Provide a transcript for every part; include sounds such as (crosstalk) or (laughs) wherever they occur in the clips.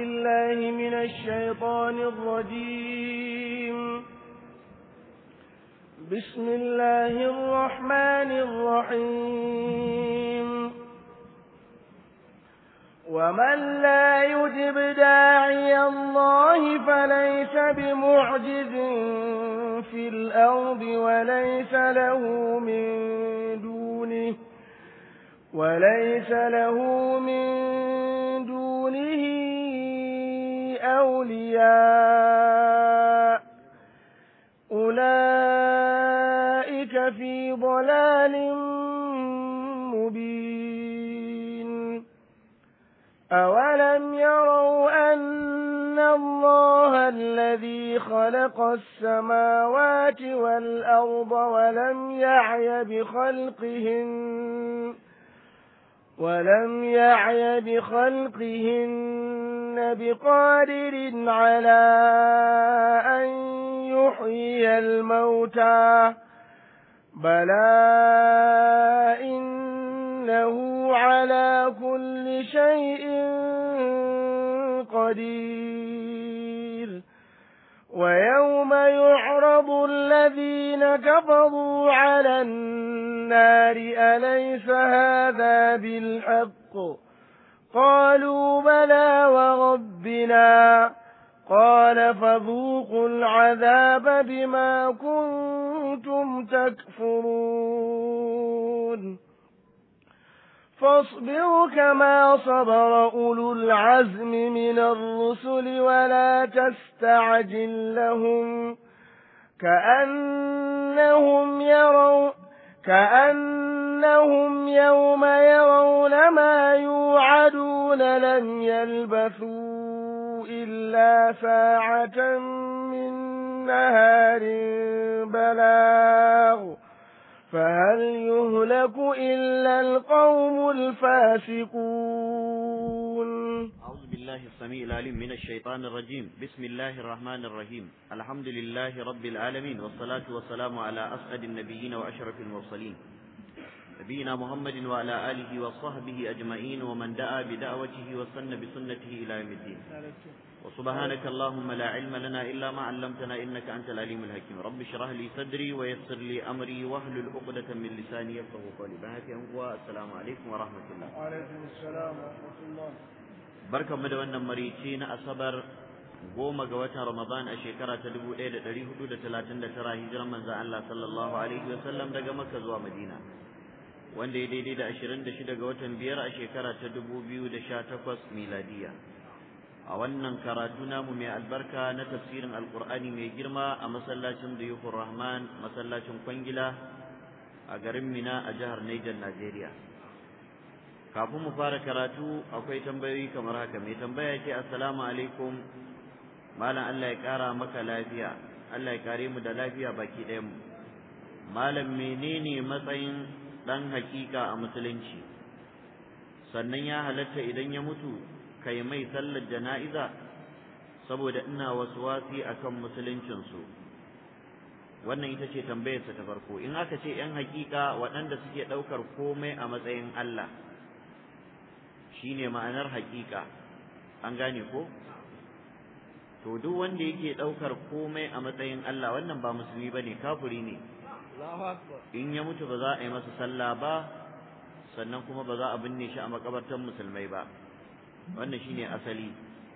الله من الشيطان الرجيم بسم الله الرحمن الرحيم ومن لا يجب داعي الله فليس بمعجز في الأرض وليس له من دونه وليس له من دونه أولياء أولئك في ضلال مبين أولم يروا أن الله الذي خلق السماوات والأرض ولم يعي بخلقهن ولم يعي بخلقهن لستن بقادر على أن يحيي الموتى بلى إنه على كل شيء قدير ويوم يعرض الذين كفروا على النار أليس هذا بالحق؟ قالوا بلى وربنا قال فذوقوا العذاب بما كنتم تكفرون فاصبروا كما صبر أولو العزم من الرسل ولا تستعجل لهم كأنهم يرون كأن أنهم يوم يرون ما يوعدون لم يلبثوا إلا ساعة من نهار بلاغ فهل يهلك إلا القوم الفاسقون أعوذ بالله السميع العليم من الشيطان الرجيم بسم الله الرحمن الرحيم الحمد لله رب العالمين والصلاة والسلام على أسعد النبيين وأشرف المرسلين نبينا محمد وعلى آله وصحبه أجمعين ومن دعا بدعوته وسن بسنته إلى يوم الدين وسبحانك اللهم لا علم لنا إلا ما علمتنا إنك أنت العليم الحكيم رب اشرح لي صدري ويسر لي أمري واحلل عقدة من لساني يفقه قولي بهاك والسلام عليكم ورحمة الله وعليكم السلام ورحمة الله بركة مدونا مريتين أصبر goma ga watan Ramadan a shekara ta dubu ɗaya da ɗari hudu da talatin da tara hijiran manzan Allah sallallahu alaihi wasallam daga Makka zuwa Madina wanda ya daidai da ashirin da shida ga watan biyar a shekara ta dubu biyu da sha takwas miladiya a wannan karatu namu mai albarka na tafsirin alkur'ani mai girma a masallacin duyufur rahman masallacin kwangila a garin mina a jihar Niger Najeriya kafin mu fara karatu akwai tambayoyi kamar haka mai tambaya ce assalamu alaikum malam Allah ya kara maka lafiya Allah ya kare mu da lafiya baki ɗayan mu malam menene matsayin dan hakika a musulunci sannan ya halatta idan ya mutu kai mai sallar jana'iza saboda ina wasu wasi akan musuluncinsu wannan ita ce tambayarsa ta farko in aka ce 'yan hakika waɗanda suke ɗaukar komai a matsayin Allah shine ma'anar hakika an gane ko to duk wanda yake ɗaukar komai a matsayin Allah wannan ba musulmi bane kafuri ne in ya mutu ba za a yi masa sallah ba sannan kuma ba za a binne shi a makabartar musulmai ba wannan shine asali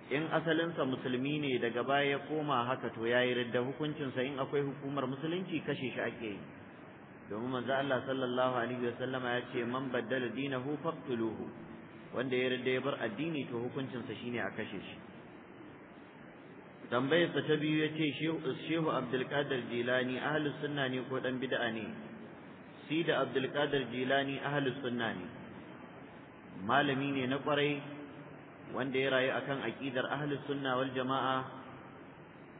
in asalinsa musulmi ne daga baya ya koma haka to ya yi ridda hukuncinsa in akwai hukumar musulunci kashe shi ake yi domin manzo Allah sallallahu alaihi ya ce man baddala dinahu faqtuluhu wanda ya ridda ya bar addini to hukuncinsa shine a kashe shi tambayarsa ta biyu ya ce shehu abdulkadir jilani ahalus sunna ne ko dan bid'a ne si da abdulkadir jilani ahalus sunna ne malami ne na kwarai wanda ya rayu akan aqidar ahalus sunna wal jama'a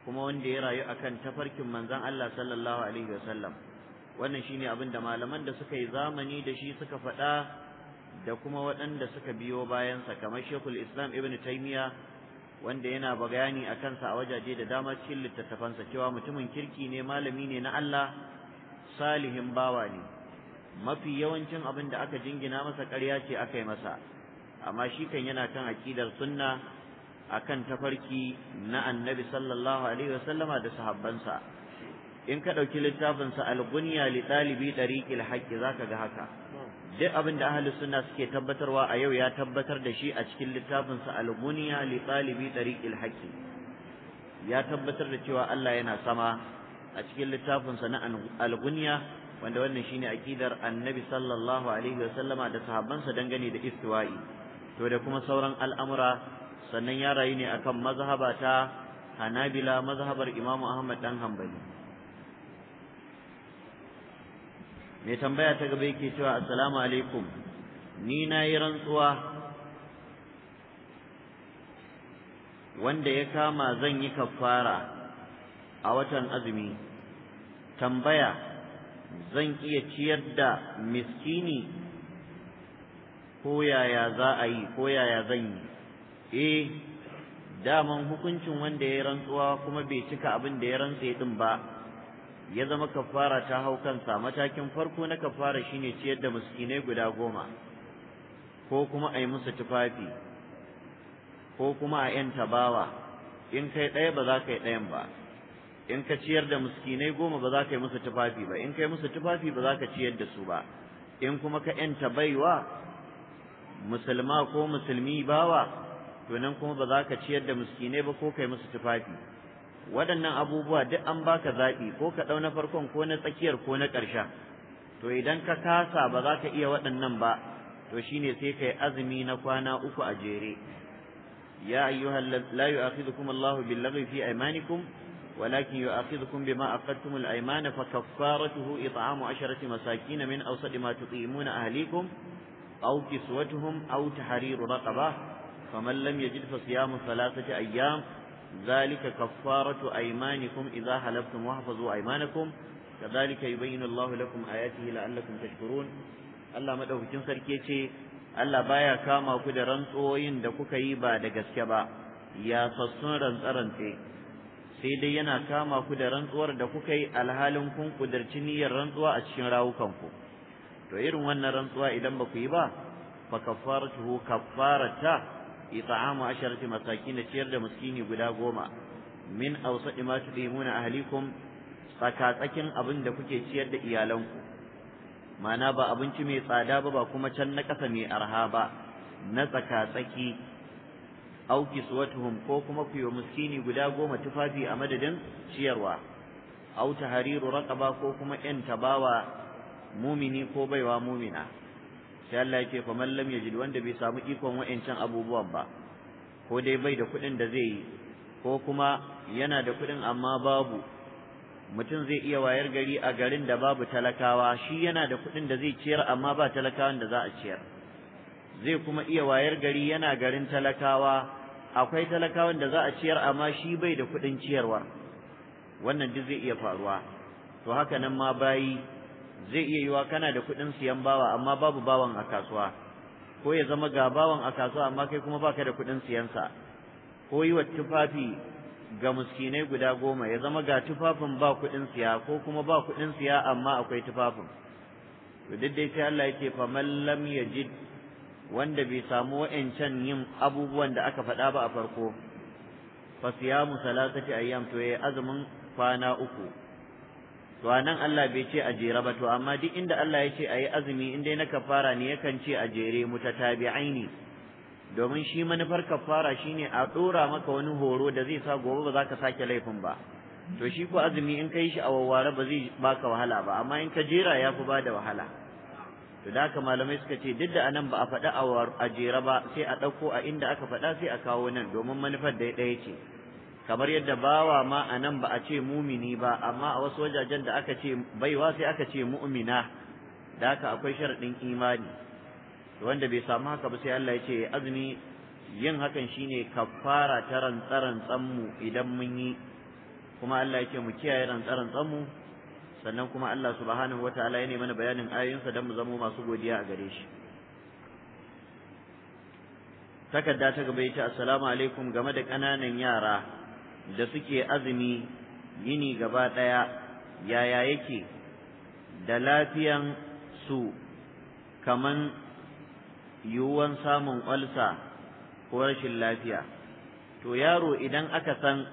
kuma wanda ya rayu akan tafarkin manzon Allah sallallahu alaihi wasallam wannan shine abin da malaman da suka yi zamani da shi suka faɗa da kuma waɗanda suka biyo bayansa kamar shekul islam ibn taymiya wanda yana bayani a kansa a wajaje da dama cikin littattafansa cewa mutumin kirki ne malami ne na Allah salihin bawa ne mafi yawancin abin da aka jingina masa ƙarya ce aka yi masa amma shi kan yana kan aƙidar sunna akan tafarki na annabi sallallahu alaihi wasallama da sahabbansa in ka ɗauki littafinsa algunya li ɗalibi ɗariƙil haƙƙi za ka ga haka duk abin da ahlus sunna suke tabbatarwa a yau ya tabbatar da shi a cikin littafin sa al-ghuniya li talibi tariqil haqqi ya tabbatar da cewa Allah yana sama a cikin littafin sa na al-ghuniya wanda wannan shine akidar annabi sallallahu alaihi wasallama da sahabbansa dangane da istiwa'i to da kuma sauran al'amura sannan ya rayu ne akan mazhabata Hanabila mazhabar Imam Ahmad dan Hanbali mai tambaya ta gaba yake cewa assalamu alaikum ni na yi rantsuwa wanda ya kama zan yi kafara a watan azumi tambaya zan iya ciyar da miskini ko yaya za a yi ko yaya zan yi eh daman hukuncin wanda ya rantsuwa kuma bai cika abin da ya rantse din ba ya zama kafara ta hau kansa matakin farko na kafara shine ciyar da miskinai guda goma ko kuma a yi musu tufafi ko kuma a yan tabawa in kai ɗaya ba za ka yi ɗayan ba in ka ciyar da miskinai goma ba za ka yi musu tufafi ba in kai musu tufafi ba za ka ciyar da su ba in kuma ka yanta baiwa musulma ko musulmi bawa to nan kuma ba za ka ciyar da miskinai ba ko kai musu tufafi waɗannan abubuwa duk an baka zaɓi ko ka ɗau na farkon ko na tsakiyar ko na ƙarshen to idan ka kasa ba za ka iya waɗannan ba to shine sai kai azumi na kwana uku a jere ya ayyuhal la yu'akhidhukum Allahu bil lagwi fi aymanikum ولكن يؤاخذكم بما عقدتم الأيمان فكفارته إطعام عشرة مساكين من أوسط ما تطعمون أهليكم أو كسوتهم أو تحرير رقبة فمن لم يجد فصيام ثلاثة أيام ذلك كفارة أيمانكم إذا حلفتم واحفظوا أيمانكم كذلك يبين الله لكم آياته لعلكم تشكرون Allah madaukakin sarki ce Allah baya kama ku da rantsoyin da kuka yi ba da gaske ba ya sassun rantsarance sai dai yana kama ku da rantsuwar da kuka yi alhalin kun kudarci niyyar rantsuwa a cikin rawukanku to irin wannan rantsuwa idan ba ku yi ba fa kaffaratuhu kaffarata it'amu masaki na ciyar da miskini guda goma min awsati ma tudimuna ahlikum tsakatsakin abin da kuke ciyar da iyalanku mana ba abinci mai tsada ba ba kuma can na ƙasa mai arha ba na tsakatsaki auki suwatuhum ko kuma ku yi guda goma tufafi a madadin ciyarwa au tahariru raqaba ko kuma yan tabawa mumini ko baiwa mumina sai Allah ya fa man lam yajid wanda bai samu ikon wa'ancan abubuwan ba ko dai bai da kuɗin da zai yi ko kuma yana da kuɗin amma babu mutum zai iya wayar gari a garin da babu talakawa shi yana da kuɗin da zai ciyar amma ba talakawan da za a ciyar zai kuma iya wayar gari yana garin talakawa akwai talakawan da za a ciyar amma shi bai da kuɗin ciyarwa wannan duk zai iya faruwa to haka nan ma bayi zai iya yiwa kana da kuɗin siyan bawa amma babu bawan a kasuwa ko ya zama ga bawan a kasuwa amma kai kuma baka da kuɗin siyansa ko yi tufafi ga muskinai guda goma ya zama ga tufafin ba kuɗin siya ko kuma ba kuɗin siya amma akwai tufafin to duk dai sai Allah yake fa man lam yajid wanda bai samu wa'ancan yin abubuwan da aka faɗa ba a farko fa siyamu salasati ayyam to yayi azumin kwana uku to anan Allah bai ce a jere ba to amma duk inda Allah ya ce a yi azumi in dai na kafara ne yakan ce a jere ne domin shi manufar kafara shine a dora maka wani horo da zai sa gobe ba za ka sake laifin ba to shi ko azumi in kai shi a wawware ba zai baka wahala ba amma in ka jera ya fi bada wahala to da haka malamai suka ce duk da anan ba a faɗi a jere ba sai a ɗauko a inda aka faɗa sai a kawo nan domin manufar da ɗaya ce kamar yadda bawa ma a nan ba a ce mumini ba amma a wasu wajajen da aka ce baiwa sai aka ce mu'mina da haka akwai sharaɗin imani wanda bai samu haka ba sai Allah ya ce azumi yin hakan shine kafara ta rantsarantsan mu idan mun yi kuma Allah ya ce mu kiyaye rantsarantsan mu sannan kuma Allah subhanahu wataala ya ne mana bayanin ayoyinsa don mu zamo masu godiya a gare shi takarda ta gaba ya ce assalamu alaikum game da ƙananan yara da suke azumi yini gaba ɗaya yaya yake da lafiyan su kaman yiwuwan samun ƙwalsa ko rashin lafiya to yaro idan aka san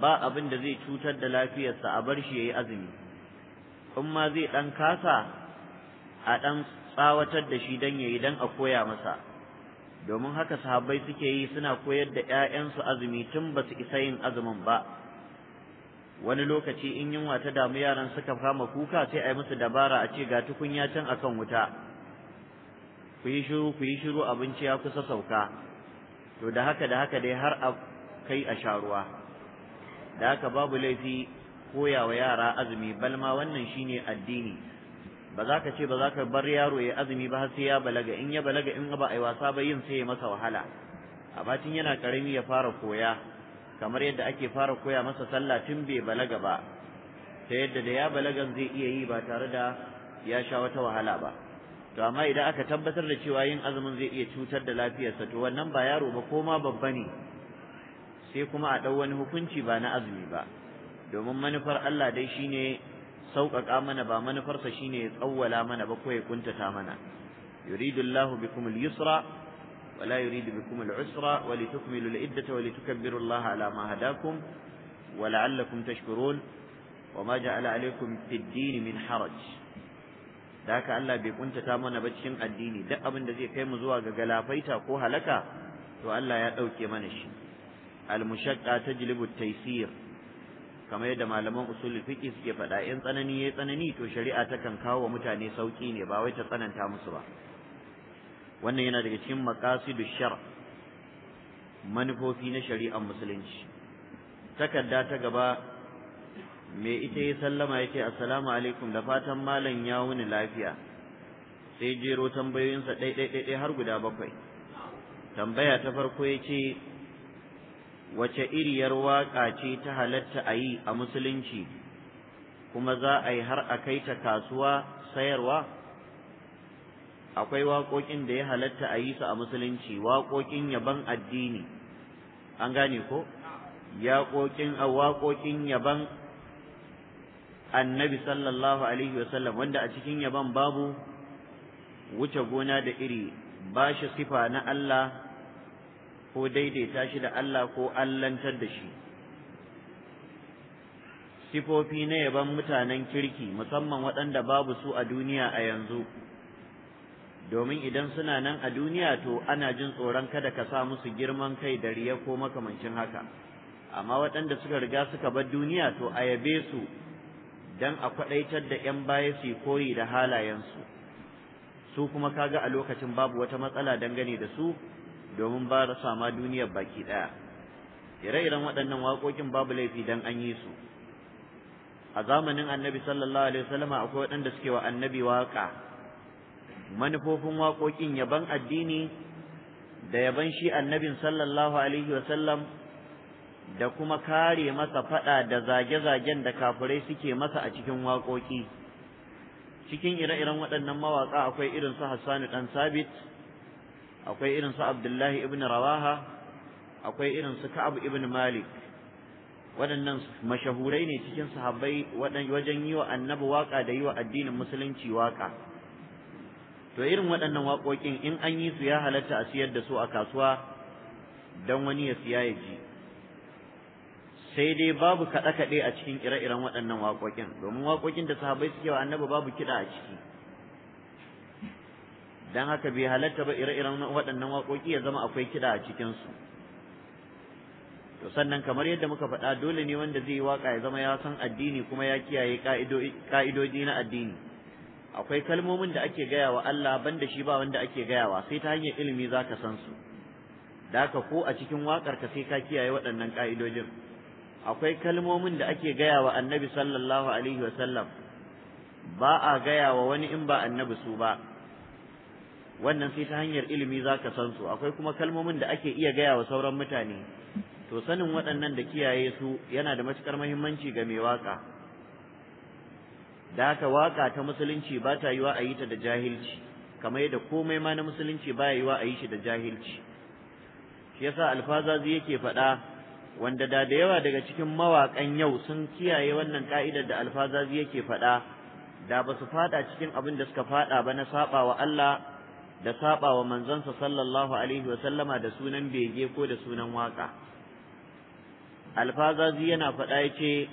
ba abin da zai cutar da lafiyarsa a bar shi ya yi azumi in ma zai ɗan kasa a ɗan tsawatar da shi don ya yi a koya masa domin haka sahabbai suke yi suna koyar da 'ya'yansu azumi tun ba su isa yin azumin ba wani lokaci in yunwa ta damu yaran suka kama kuka sai a yi musu dabara a ce ga tukunya can akan wuta ku yi shiru ku yi shiru abinci ya kusa sauka to da haka da haka dai har a kai a sha ruwa da haka babu laifi koyawa yara azumi balma wannan shine addini ba za ka ce ba za ka bar yaro ya azumi ba har sai ya balaga in ya balaga in ba a yi wasa ba yin sai ya masa wahala a bacin yana karami ya fara koya kamar yadda ake fara koya masa sallah tun bai balaga ba ta yadda da ya balagan zai iya yi ba tare da ya sha wata wahala ba to amma idan aka tabbatar da cewa yin azumin zai iya cutar da lafiyarsa to wannan ba yaro ba ko ma babba ne sai kuma a ɗau wani hukunci ba na azumi ba domin manufar Allah dai shine sauƙaƙa mana ba manufarsa shine ya tsawwala mana ba ko يريد الله بكم اليسرى ولا يريد بكم العسرى ولتكملوا العدة ولتكبروا الله على ما هداكم ولعلكم تشكرون وما جعل عليكم في الدين من حرج ذاك ألا بكون تتامون بجشن الدين دقا من ذي في مزواق قلا قوها لك تو يأوكي منش المشقة تجلب التيسير kamar yadda malaman usulul fiqh suke faɗa in tsanani yayi tsanani to shari'a takan kawo wa mutane sauki ne ba wai ta tsananta musu ba wannan yana daga cikin maqasidu shar manufofi na shari'ar musulunci takarda ta gaba me ita ya sallama yake assalamu alaikum da fatan malam ya wuni lafiya sai jero tambayoyinsa ɗai ɗai ɗai har guda bakwai tambaya ta farko yace wace iriyar waƙa ce ta halatta a yi a musulunci kuma za a yi har a kai ta kasuwa sayarwa akwai waƙoƙin da ya halatta a yi su a musulunci waƙoƙin yaban addini an gane ko yaƙoƙin a waƙoƙin yaban annabi sallallahu alaihi wasallam wanda a cikin yaban babu wuce gona da iri ba shi sifa na Allah ko daidaita shi da Allah ko allantar da shi sifofi na yaban mutanen kirki musamman waɗanda babu su a duniya a yanzu domin idan suna nan a duniya to ana jin tsoron kada ka sa musu girman kai da riya ko makamancin haka amma waɗanda suka riga suka bar duniya to a yabe su don a kwaɗaitar da 'yan baya su koyi da halayensu su kuma kaga a lokacin babu wata matsala dangane da su domin ba rasa ma duniyar baki ɗaya ire-iren waɗannan waƙoƙin babu laifi dan an yi su a zamanin annabi sallallahu alaihi wasallam akwai waɗanda suke wa annabi waƙa manufofin waƙoƙin yaban addini da yaban shi annabin sallallahu alaihi wasallam da kuma kare masa faɗa da zage-zagen da kafirai suke masa a cikin waƙoƙi cikin ire-iren waɗannan mawaƙa akwai irin su Hassanu ɗan Sabit akwai irin su Abdullahi ibn Rawaha akwai irin su Ka'ab ibn Malik waɗannan mashahurai ne cikin sahabbai wajen yi wa annabi waka da yi wa addinin musulunci waka to irin waɗannan waƙoƙin in an yi su ya halatta a siyar da su a kasuwa don wani ya siya ya ji sai dai babu kaɗe-kaɗe a cikin ire-iren waɗannan waƙoƙin domin waƙoƙin da sahabbai suke wa annabi babu kiɗa a ciki dan haka bai halatta ba ire-iren waɗannan waƙoƙi ya zama akwai kiɗa a cikinsu to sannan kamar yadda muka faɗa dole ne wanda zai yi waƙa ya zama ya san addini kuma ya kiyaye ƙa'idoji na addini akwai kalmomin da ake gaya wa Allah banda shi ba wanda ake gaya wa, sai ta hanyar ilimi za ka san su da haka ko a cikin waƙar ka sai ka kiyaye waɗannan ƙa'idojin akwai kalmomin da ake gaya wa annabi sallallahu alaihi wasallam ba a gaya wa wani in ba annabi su ba wannan sai ta hanyar ilimi za ka san su akwai kuma kalmomin da ake iya gaya wa sauran mutane to sanin waɗannan da kiyaye su yana da matuƙar muhimmanci ga mai waƙa da haka waƙa ta musulunci ba ta yiwa a yi ta da jahilci kamar yadda komai ma na musulunci ba yiwa a yi shi da jahilci shi yasa alfazazi yake faɗa wanda da da yawa daga cikin mawaƙan yau sun kiyaye wannan ka'idar da alfazazi yake faɗa da ba su faɗa cikin abin da suka faɗa ba na saɓa wa Allah da saba wa manzansa sallallahu alaihi wa sallama da sunan bege ko da sunan waka alfazazi yana faɗa yace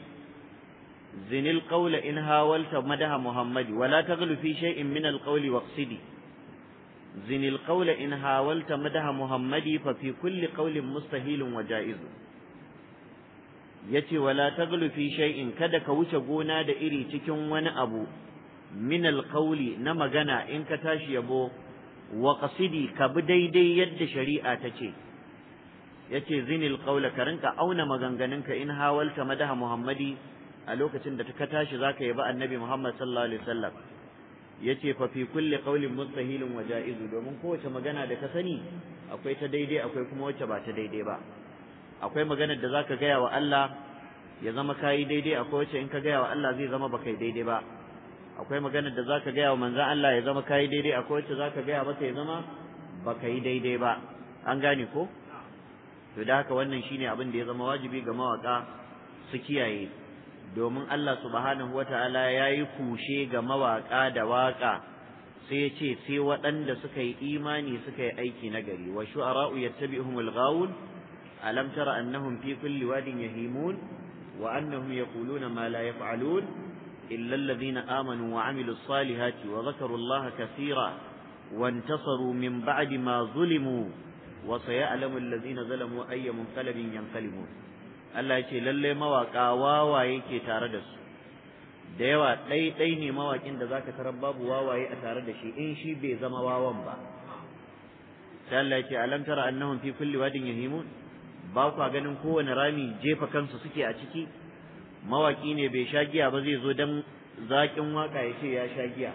zinil qawla in hawalta madaha muhammadi wala taghlu fi shay'in min alqawli waqsidi zinil qawla in hawalta madaha muhammadi fa fi kulli qawlin mustahilun wa ja'izu yace wala taghlu fi shay'in kada ka wuce gona da iri cikin wani abu min alqawli na magana in ka tashi yabo wa qasidi ka bi daidai yadda shari'a ta ce yace zinil qawla ka rinka auna maganganunka in hawalta madaha muhammadi a lokacin da ka tashi zaka ba annabi muhammad sallallahu alaihi wasallam yace fa fi kulli qawlin mustahilun wa ja'izu domin kowace magana da ka sani akwai ta daidai akwai kuma wacce ba ta daidai ba akwai maganar da zaka gaya wa Allah ya zama yi daidai akwai wacce in ka gaya wa Allah zai zama ba kai daidai ba akwai maganar da zaka gaya wa manzan Allah ya zama kai daidai akwai wacce zaka gaya masa ya zama baka yi daidai ba an gane ko to da haka wannan shine abin da ya zama wajibi ga mawaka su kiyaye domin Allah subhanahu wataala ya yi kushe ga mawaka da waka sai ya ce sai waɗanda suka yi imani suka yi aiki na gari wa shu'ara'u yattabi'uhumul ghawun alam tara annahum fi kulli wadin yahimun wa annahum yaquluna ma la yaf'alun إلا الذين آمنوا وعملوا الصالحات وذكروا الله كثيرا وانتصروا من بعد ما ظلموا وسيعلم الذين ظلموا أي منقلب ينقلبون Allah ya ce lalle mawaƙa wawaye ke tare da su da yawa ɗai ɗai ne mawaƙin da zaka tarar babu wawaye a tare da shi in shi bai zama wawan ba sai Allah ya ce alam tara annahum fi kulli wadin yahimun ba kwa ganin kowane rami jefa kansu suke a ciki mawaki ne bai sha giya ba zai zo dan zakin waka ya ce ya sha giya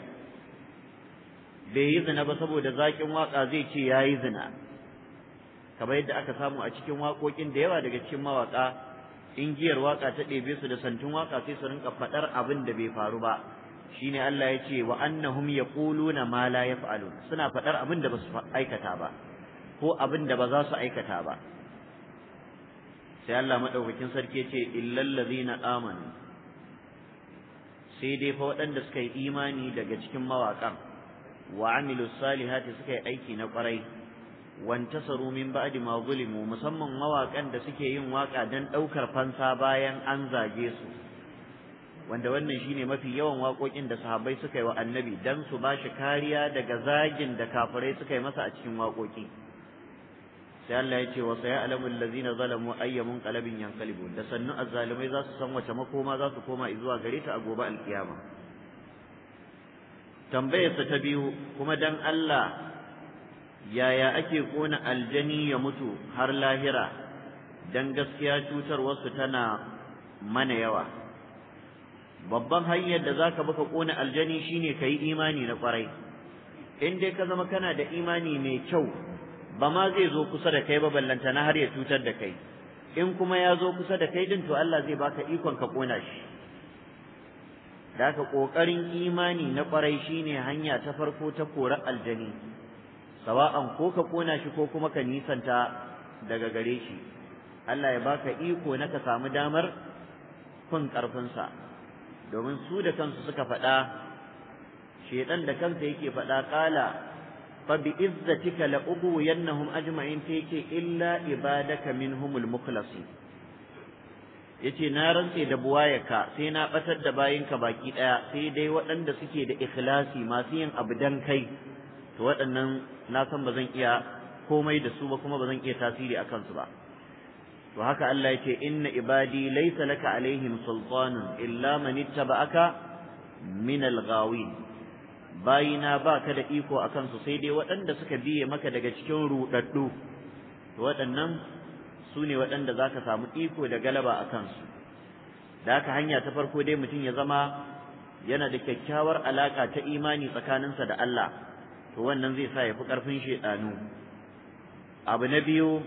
bai yi zina ba saboda zaƙin waka zai ce ya yi zina kamar yadda aka samu a cikin waƙoƙin da yawa daga cikin mawaka in giyar waka ta ɗebe su da santin waka sai su rinka faɗar abin da bai faru ba shine Allah ya ce wa annahum yaquluna ma la yaf'alun suna faɗar abin da ba su aikata ba ko abin da ba za su aikata ba sai Allah madaukakin sarki ce illal na amanu sai dai fa waɗanda suka yi imani daga cikin mawaƙan wa amilu salihati suka yi aiki na ƙwarai saru min ba'di ma zulimu musamman mawaƙan da suke yin waƙa dan ɗaukar fansa bayan an zage su wanda wannan shine mafi yawan waƙoƙin da sahabbai suka yi wa annabi dan su ba shi kariya daga zagin da kafirai suka yi masa a cikin waƙoƙi sai Allah ya ce wa alamul ladina zalamu ayyamun qalbin yanqalibun da sannu azzalimai za su san wace makoma za su koma zuwa gare ta a gobe alkiyama tambayarsa ta biyu kuma dan Allah yaya ake kona aljani ya mutu har lahira dan gaskiya cutar wasu tana mana yawa babban hanyar da zaka baka kona aljani shine kai imani na kwarai in dai ka zama kana da imani mai kyau ba ma zai zo kusa da kai ba ballanta na har ya cutar da kai in kuma ya zo kusa da kai din to Allah zai baka ikon ka kona shi da haka kokarin imani na kwarai shine hanya ta farko ta korar aljani sawa'an ko ka kona shi ko kuma ka nisanta daga gare shi Allah ya baka iko na ka samu damar kun karfinsa domin su da kansu suka faɗa shedan da kansa yake faɗa ƙala fa bi izzatika la ubwiyannahum ajma'in ta yake illa ibadaka minhumul mukhlasin yace na rantse da buwayaka sai na batar da bayinka baki daya sai dai waɗanda suke da ikhlasi masu yin abu dan kai to waɗannan na san ba zan iya komai da su ba kuma ba zan iya tasiri a kansu ba to haka Allah yace inna ibadi laysa laka alaihim sultanun illa man ittaba'aka min al-ghawin bayina ba ka da iko a kansu sai dai waɗanda suka biye maka daga cikin ruɗaɗɗu waɗannan su ne waɗanda za ka samu iko da galaba a kansu da haka hanya ta farko dai mutum ya zama yana da kyakkyawar alaƙa ta imani tsakaninsa da Allah to wannan zai sa ya fi ƙarfin shaiɗanu abu na biyu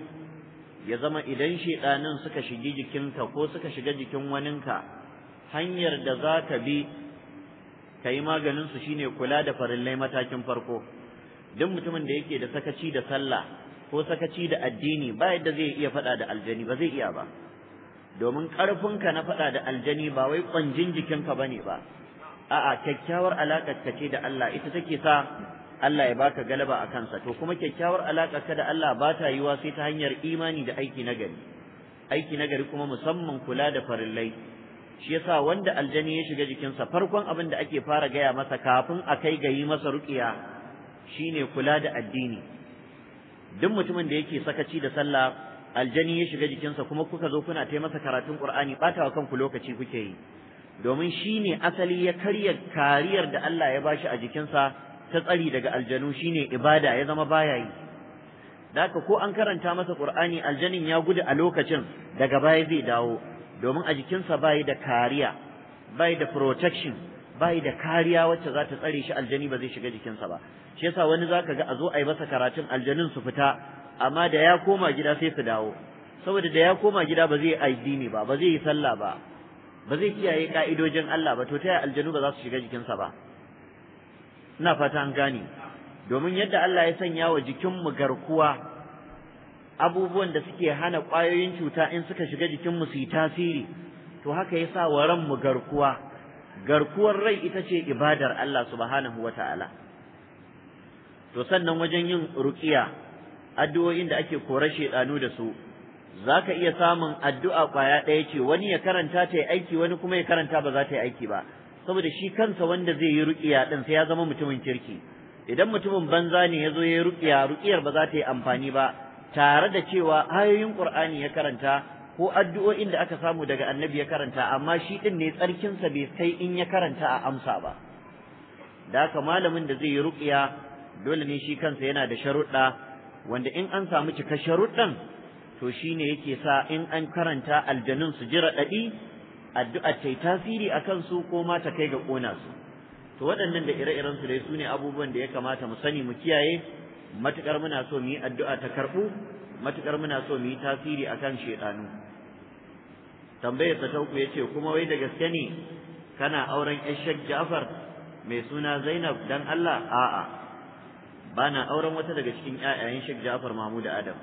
ya zama idan shaiɗanun suka shigi jikinka ko suka shiga jikin waninka hanyar da za ka bi ka yi maganin su shine kula da farillai matakin farko duk mutumin da yake da sakaci da sallah ko sakaci da addini ba yadda zai iya faɗa da aljani ba zai iya ba domin ƙarfinka na faɗa da aljani ba wai ƙwanjin jikinka bane ba a'a kyakkyawar alaƙar ka ce da Allah ita take sa Allah ya baka galaba a kansa to kuma kyakkyawar alaƙar ka da Allah ba ta yiwa sai ta hanyar imani da aiki nagari aiki nagari kuma musamman kula da farillai shi yasa wanda aljani ya shiga jikinsa farkon abin da ake fara gaya masa kafin a kai ga yi masa ruqiya shine kula da addini duk mutumin da yake sakaci da sallah aljani ya shiga jikinsa kuma kuka zo kuna ta masa karatun qur'ani batawa kanku lokaci kuke yi domin shine asali ya karya kariyar da Allah ya bashi a jikinsa ta tsari daga aljanu shine ibada ya zama baya yi da ko an karanta masa qur'ani aljanin ya gudu a lokacin daga baya zai dawo domin a jikinsa bai da kariya bayi da protection bayi da kariya wacce za ta tsare shi aljani ba zai shiga jikinsa ba shi yasa wani zaka ga a zo a yi masa karatun aljanin su fita amma da ya koma gida sai su dawo saboda da ya koma gida ba zai addini ba ba zai yi sallah ba ba zai kiyaye ka'idojin Allah ba to ta aljanu ba za su shiga jikinsa ba ina fata an gane domin yadda Allah ya sanya wa jikinmu garkuwa abubuwan da suke hana ƙwayoyin cuta in suka shiga jikinmu su yi tasiri to haka ya sa wa ranmu garkuwa garkuwar rai ita ce ibadar Allah subhanahu wa ta'ala to sannan wajen yin ruƙiya addu'o'in da ake kore shaidanu da su za ka iya samun addu'a ƙwaya ɗaya ce wani ya karanta ta yi aiki wani kuma ya karanta ba za ta yi aiki ba saboda shi kansa wanda zai yi ruƙiya ɗin sai ya zama mutumin kirki idan mutumin banza ne ya zo ya yi ruƙiya ruƙiyar ba za ta yi amfani ba tare da cewa ayoyin Qur'ani ya karanta ko addu'o'in da aka samu daga annabi ya karanta amma shi din ne tsarkinsa bai sai in ya karanta a amsa ba da haka malamin da zai yi ruqya dole ne shi kansa yana da sharuɗa wanda in an samu cika sharuɗan to shine yake sa in an karanta aljanun su ji raɗaɗi addu'ar ta tasiri a kansu ko ma ta kai ga ƙona su to waɗannan da ire-irensu dai su ne abubuwan da ya kamata mu sani mu kiyaye Matuƙar muna so mu yi addu'a ta karɓu matuƙar muna so mu yi tasiri a akan shaiɗanu tambayar ta uku ce kuma wai da gaske ne kana auren Ishaq Ja'far mai suna Zainab dan Allah a'a bana auren wata daga cikin ƴaƴayen Sheikh Ja'far Mahmud Adam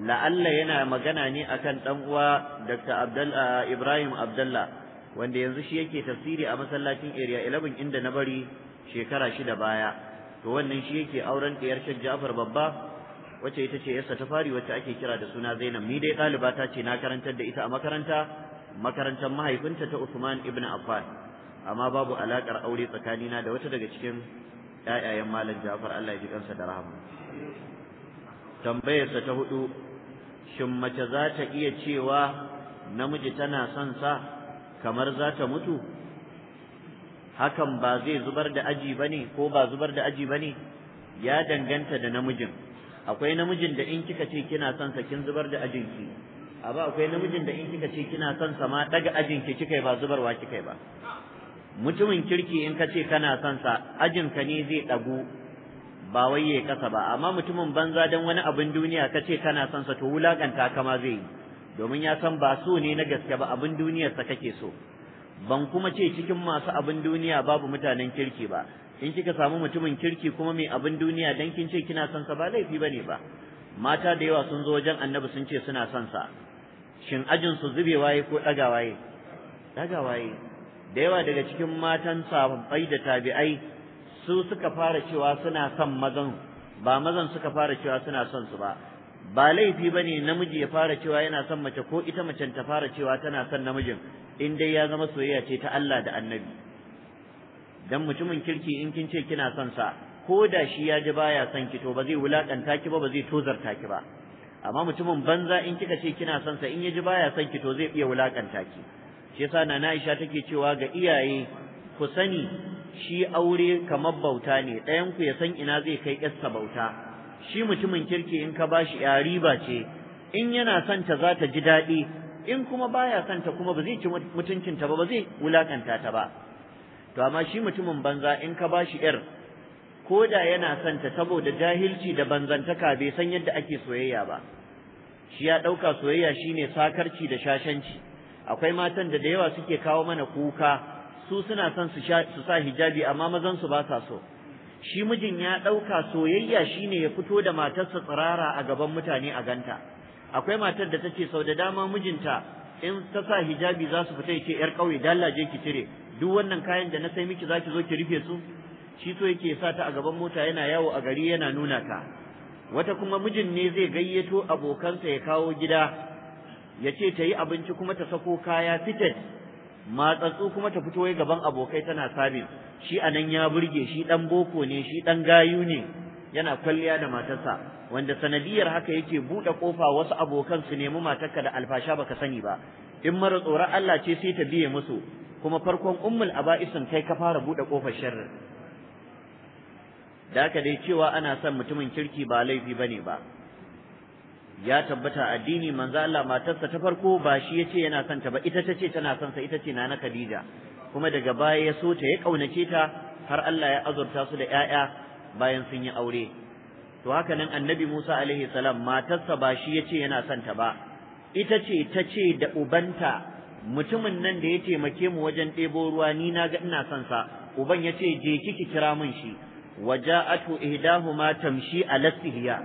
la'alla yana magana ne akan dan uwa Dr. Ibrahim Abdullah wanda yanzu shi yake tasiri a masallacin Area 11 inda na bari shekara shida baya to wannan shi yake auren ɗiyar shan Ja'far babba wacce ita ce yarsa ta fari wacce ake kira da suna Zainab ni dai ɗaliba ta ce na karantar da ita a makaranta makarantar mahaifinta ta Usman ibn Affan amma babu alakar aure tsakanina da wata daga cikin ƴaƴayen Malam Ja'far Allah ya ji kansa da rahama tambayarsa ta hudu shin mace za ta iya cewa namiji tana son sa kamar za ta mutu hakan ba zai zubar da aji bane ko ba zubar da aji bane ya danganta da namijin akwai namijin da in kika ce kina son sa kin zubar da ajin ki ba akwai namijin da in kika ce kina son sa ma daga ajin ki kika ba zubarwa kika ba mutumin kirki in ka ce kana son sa ajin ka ne zai dagu ba wai ya kasa ba amma mutumin banza dan wani abin duniya ka ce kana son sa to wulakanta kama zai yi domin ya san ba so ne na gaske ba abin duniyarsa kake so ban kuma ce cikin masu abin duniya babu mutanen kirki ba in kika samu mutumin kirki kuma mai abin duniya dan kin ce kina son sa ba laifi bane ba mata da yawa sun zo wajen annabi sun ce suna son sa shin ajin su zube waye ko daga waye daga waye da yawa daga cikin matan sahabbai da tabi'ai su suka fara cewa suna son mazan ba mazan suka fara cewa suna son su ba ba laifi bane namiji ya fara cewa yana son mace ko ita macen ta fara cewa tana son namijin in dai ya zama soyayya ce ta Allah da annabi dan mutumin kirki in kin ce kina son sa ko da shi ya ji baya son ki to ba zai wulakanta ki ba ba zai tozarta ki ba amma mutumin banza in kika ce kina son sa in ya ji baya son ki to zai iya wulakanta ki shi yasa na Aisha take cewa ga iyaye ku sani shi aure kamar bauta ne ɗayan ku ya san ina zai kai yarsa bauta shi mutumin kirki in ka bashi ya riba ce in yana son ta za ta ji daɗi in kuma baya santa kuma ba zai ci mutuncin ta ba ba zai wulakanta ta ba to amma shi mutumin banza in ka bashi yar Koda yana son saboda jahilci da banzantaka bai san yadda ake soyayya ba shi ya ɗauka soyayya shine sakarci da shashanci akwai matan da da yawa suke kawo mana kuka su suna son su sa hijabi amma mazan su ba sa so shi mijin ya ɗauka soyayya shine ya fito da matarsa tsirara a gaban mutane a ganta akwai matar da tace sau da dama mijinta in ta sa hijabi za su fita yake yar kauye dalla je ki cire duk wannan kayan da na sai miki zaki zo ki rufe su shi so yake sa ta a gaban mota yana yawo a gari yana nuna ta wata kuma mijin ne zai gayyato abokansa ya kawo gida ya ce ta yi abinci kuma ta sako kaya fitet matsatsu kuma ta fito wai gaban abokai tana sabin shi anan ya burge shi dan boko ne shi dan gayu ne yana kwalliya da matarsa wanda sanadiyar haka yake buɗe kofa wasu abokan su nemi matarka da alfasha baka sani ba in mara tsoron Allah ce sai ta biye musu kuma farkon ummul aba'isin kai ka fara buɗe kofar sharri da aka dai cewa ana son mutumin kirki ba laifi bane ba ya tabbata addini manzo Allah matarsa ta farko ba shi yace yana son ta ba ita ta ce tana son sa ita ce nana Khadija kuma daga baya ya so ta ya kaunace ta har Allah ya azurta su da ƴaƴa bayan sun yi aure to haka nan annabi Musa alaihi salam matarsa ba shi yace yana son ta ba ita ce ta ce da ubanta mutumin nan da ya taimake mu wajen ɗebo ruwa ni na ga ina son sa uban yace je kiki kira min shi waja'atu ihdahuma tamshi ala istihya'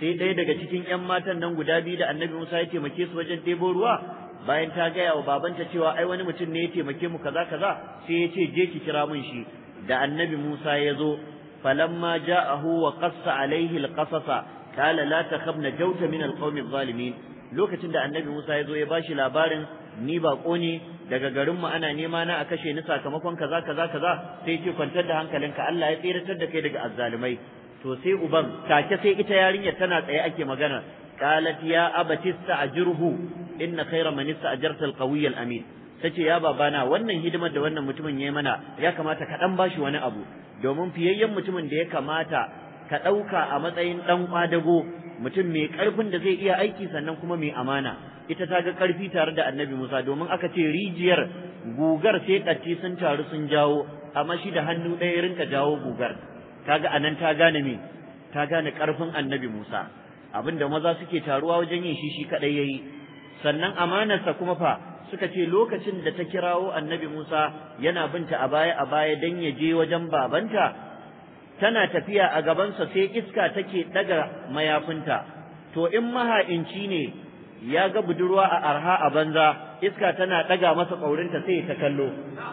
sai ɗaya daga cikin ƴan matan nan guda biyu da annabi Musa ya taimake su wajen ɗebo ruwa bayan ta gaya wa babanta cewa ai wani mutum ne ya taimake mu kaza kaza sai ya ce je ki kira mun shi da annabi Musa ya zo فلما جاءه وقص عليه القصص قال لا تخف نجوت من القوم الظالمين lokacin da annabi Musa ya zo ya bashi labarin ni baƙoni ne daga garin mu ana nema na a kashe ni sakamakon kaza kaza kaza sai ce kwantar da hankalinka Allah ya tsiratar da kai daga azzalumai to sai uban take sai ita yarinyar tana tsaye ake magana qalat ya abati sta'jirhu inna khayra man ista'jarta al-qawiy al-amin ta ce ya babana wannan hidimar da wannan mutumin ya yi mana ya kamata ka ɗan bashi wani abu domin fiyayyen mutumin da ya kamata ka ɗauka a matsayin ɗan ƙwadago mutum mai ƙarfin da zai iya aiki sannan kuma mai amana ita ta ga ƙarfi tare da annabi Musa domin aka ce rijiyar gugar sai ƙatti sun taru sun jawo amma shi da hannu ɗaya rinka jawo gugar ga anan ta gane me ta gane ƙarfin annabi Musa abinda maza suke taruwa wajen yin shi shi kaɗai ya yi sannan amanarsa kuma fa suka ce lokacin da ta kirawo annabi Musa yana binta a baya a baya dan ya je wajen babanta tana tafiya a gabansa sai iska take daga mayafinta to in maha'inci ne ya ga budurwa a arha a banza iska tana daga masa ƙaurinta sai ta kallo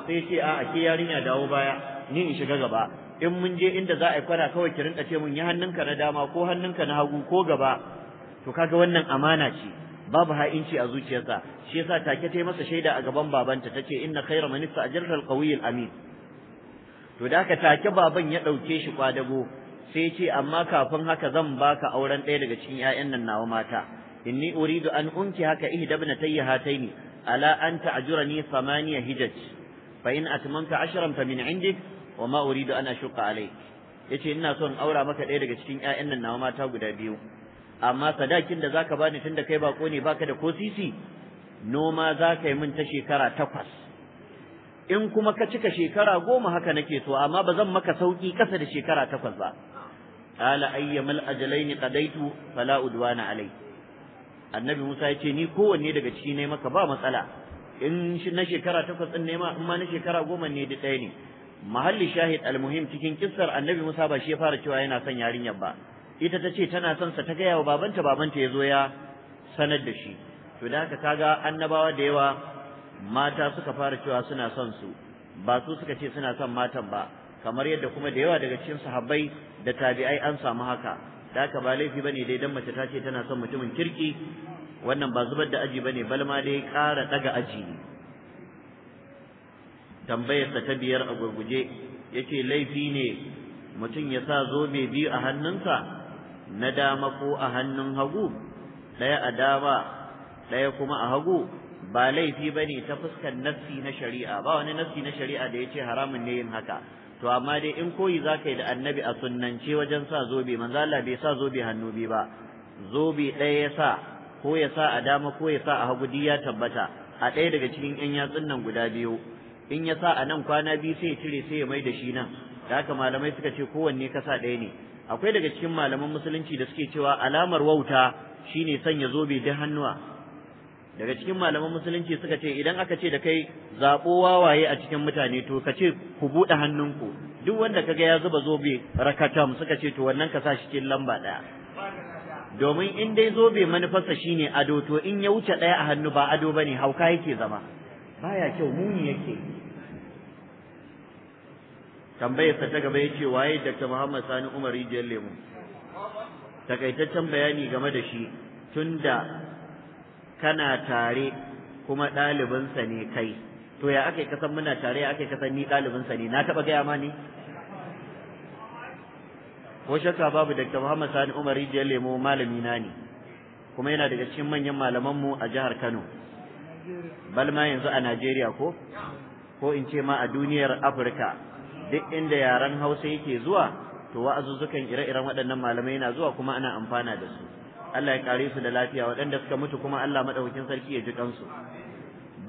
sai ce a ke yarinya dawo baya ni in shiga gaba in mun je inda za a kwana kawai ki rinka ce mun yi hannunka na dama ko hannunka na hagu ko gaba to kaga wannan amana ce babu ha'inci a zuciyarsa shi yasa take ta masa shaida a gaban babanta tace inna khayra man ista'jarta a qawiy al-amin to da haka take baban ya dauke shi kwadago sai ya ce amma kafin haka zan baka auren ɗaya daga cikin ƴaƴan nan nawa mata inni uridu an unki haka ihda ibnatayya hataini ala an ta'jurani samaniya hijaj fa in atmamta ashran fa min indik wa ma uridu an shuka alayk yace ina son aura maka ɗaya daga cikin ƴaƴan nan nawa mata guda biyu amma sadakin da zaka bani tunda kai bako ne baka da kosisi, sisi noma zaka yi min ta shekara takwas in kuma ka cika shekara goma haka nake so amma ba zan maka sauki kasa da shekara takwas ba ala ayyamal ajalaini qadaitu fala udwana alai annabi Musa ya ce ni kowanne daga ciki ne maka ba matsala in na shekara takwas din ne ma amma na shekara goma ne da ɗaya ne mahalli shahid almuhim cikin kissar annabi Musa ba shi ya fara cewa yana son yarinyar ba ita ta ce tana son sa ta gaya wa babanta babanta ya zo ya sanar da shi to da haka kaga annabawa da yawa mata suka fara cewa suna son su ba su suka ce suna son matan ba kamar yadda kuma da yawa daga cikin sahabbai da tabi'ai an samu haka da haka ba laifi bane dai dan mace ta ce tana son mutumin kirki wannan ba zubar da aji bane balma dai kara daga aji ne tambayarsa ta biyar a gurguje yace laifi ne mutum ya sa zobe biyu a hannunsa na dama ko a hannun hagu ɗaya a dama ɗaya kuma a hagu ba laifi ba ne ta fuskar nassi na shari'a ba wani nassi na shari'a da ya ce haramun ne yin haka to amma dai in koyi za ka yi da annabi a sunnance wajen sa zobe manzo Allah bai sa zobe hannu biyu ba zobe ɗaya ya sa ko ya sa a dama ko ya sa a hagu ya tabbata a ɗaya daga cikin 'yan yatsun nan guda biyu in ya sa a nan kwana biyu sai ya cire sai ya mai da shi nan da haka malamai suka ce kowanne kasa ɗaya ne akwai daga cikin malaman musulunci da suke cewa alamar wauta shine sanya zobe da hannuwa daga cikin malaman musulunci suka ce idan aka ce da kai zaɓo wawaye a cikin mutane to ka ce ku buɗe hannunku duk wanda kaga ya zuba zobe rakatam suka ce to wannan ka sa shi cikin lamba ɗaya domin in dai zobe manufarsa shine ado to in ya wuce ɗaya a hannu ba ado bane hauka yake zama baya kyau muni yake tambayar sa ta gaba yace waye Dr. Muhammad Sani Umar Rijiyar Lemu takaitaccen bayani game da shi tunda kana tare kuma ɗalibinsa ne kai to ya aka kasan muna tare ya aka kasan ni ɗalibinsa ne na taɓa gaya ma ne ko shakka babu Dr. Muhammad Sani Umar Rijiyar Lemu malami na ne kuma yana daga cikin manyan mu a jihar Kano balma yanzu a Najeriya ko ko in ce ma a duniyar Afirka duk inda yaren Hausa yake zuwa to wa'azuzzukan ire-iren waɗannan malamai yana zuwa kuma ana amfana da su Allah ya kare su da lafiya waɗanda suka mutu kuma Allah maɗaukin sarki ya ji kansu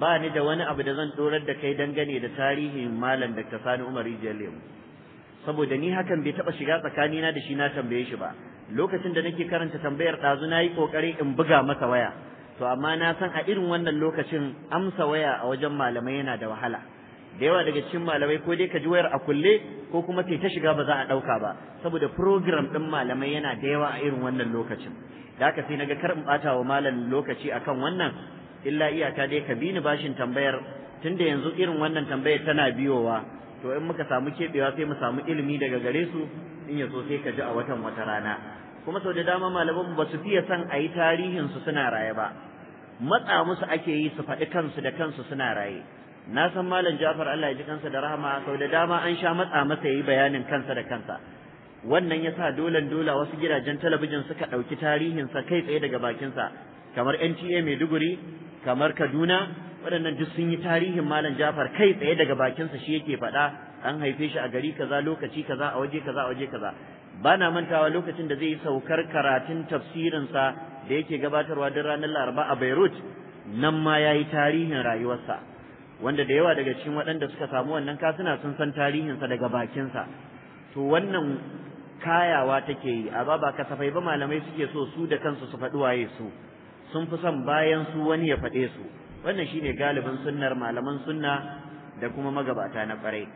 ba ni da wani abu da zan dorar da kai dangane da tarihin malam Dr. Sani Umar Rijiyar Lemu saboda ni hakan bai taɓa shiga tsakanina da shi na tambaye shi ba lokacin da nake karanta tambayar ɗazu na yi ƙoƙari in buga masa waya to amma na san a irin wannan lokacin amsa waya a wajen malamai yana da wahala da yawa daga cikin malamai ko dai ka ji wayar a kulle ko kuma sai ta shiga ba za a ɗauka ba saboda program ɗin malamai yana da yawa a irin wannan lokacin da haka sai naga kar in ɓata wa malam lokaci akan wannan illa iyaka dai ka bini bashin tambayar tunda yanzu irin wannan tambayar tana biyowa to in muka samu keɓewa sai mu samu ilimi daga gare su in ya zo sai ka ji a watan wata rana kuma sau da dama malaman ba su fiye son a yi tarihin su suna raye ba matsa musu ake yi su faɗi kansu da kansu suna raye na san malam Ja'far Allah ya ji kansa da rahama sau da dama an sha matsa masa yayi bayanin kansa da kansa wannan yasa dolan dola wasu gidajen talabijin suka ɗauki tarihin sa kai tsaye daga bakin sa kamar NTA Maiduguri kamar Kaduna waɗannan duk sun yi tarihin malam Ja'far kai tsaye daga bakin sa shi yake faɗa an haife shi a gari kaza lokaci kaza a waje kaza a waje kaza bana mantawa lokacin da zai yi saukar karatun tafsirin sa da yake gabatarwa duk ranar laraba a beirut nan ma ya yi tarihin rayuwarsa wanda da yawa daga cikin waɗanda suka samu wannan kasuna sun san tarihinsa daga bakinsa to wannan kayawa take yi a ba kasafai ba malamai suke so su da kansu su faɗi waye su sun fi son bayan su wani ya faɗe su wannan shine galibin sunnar malaman sunna da kuma magabata na ƙwarai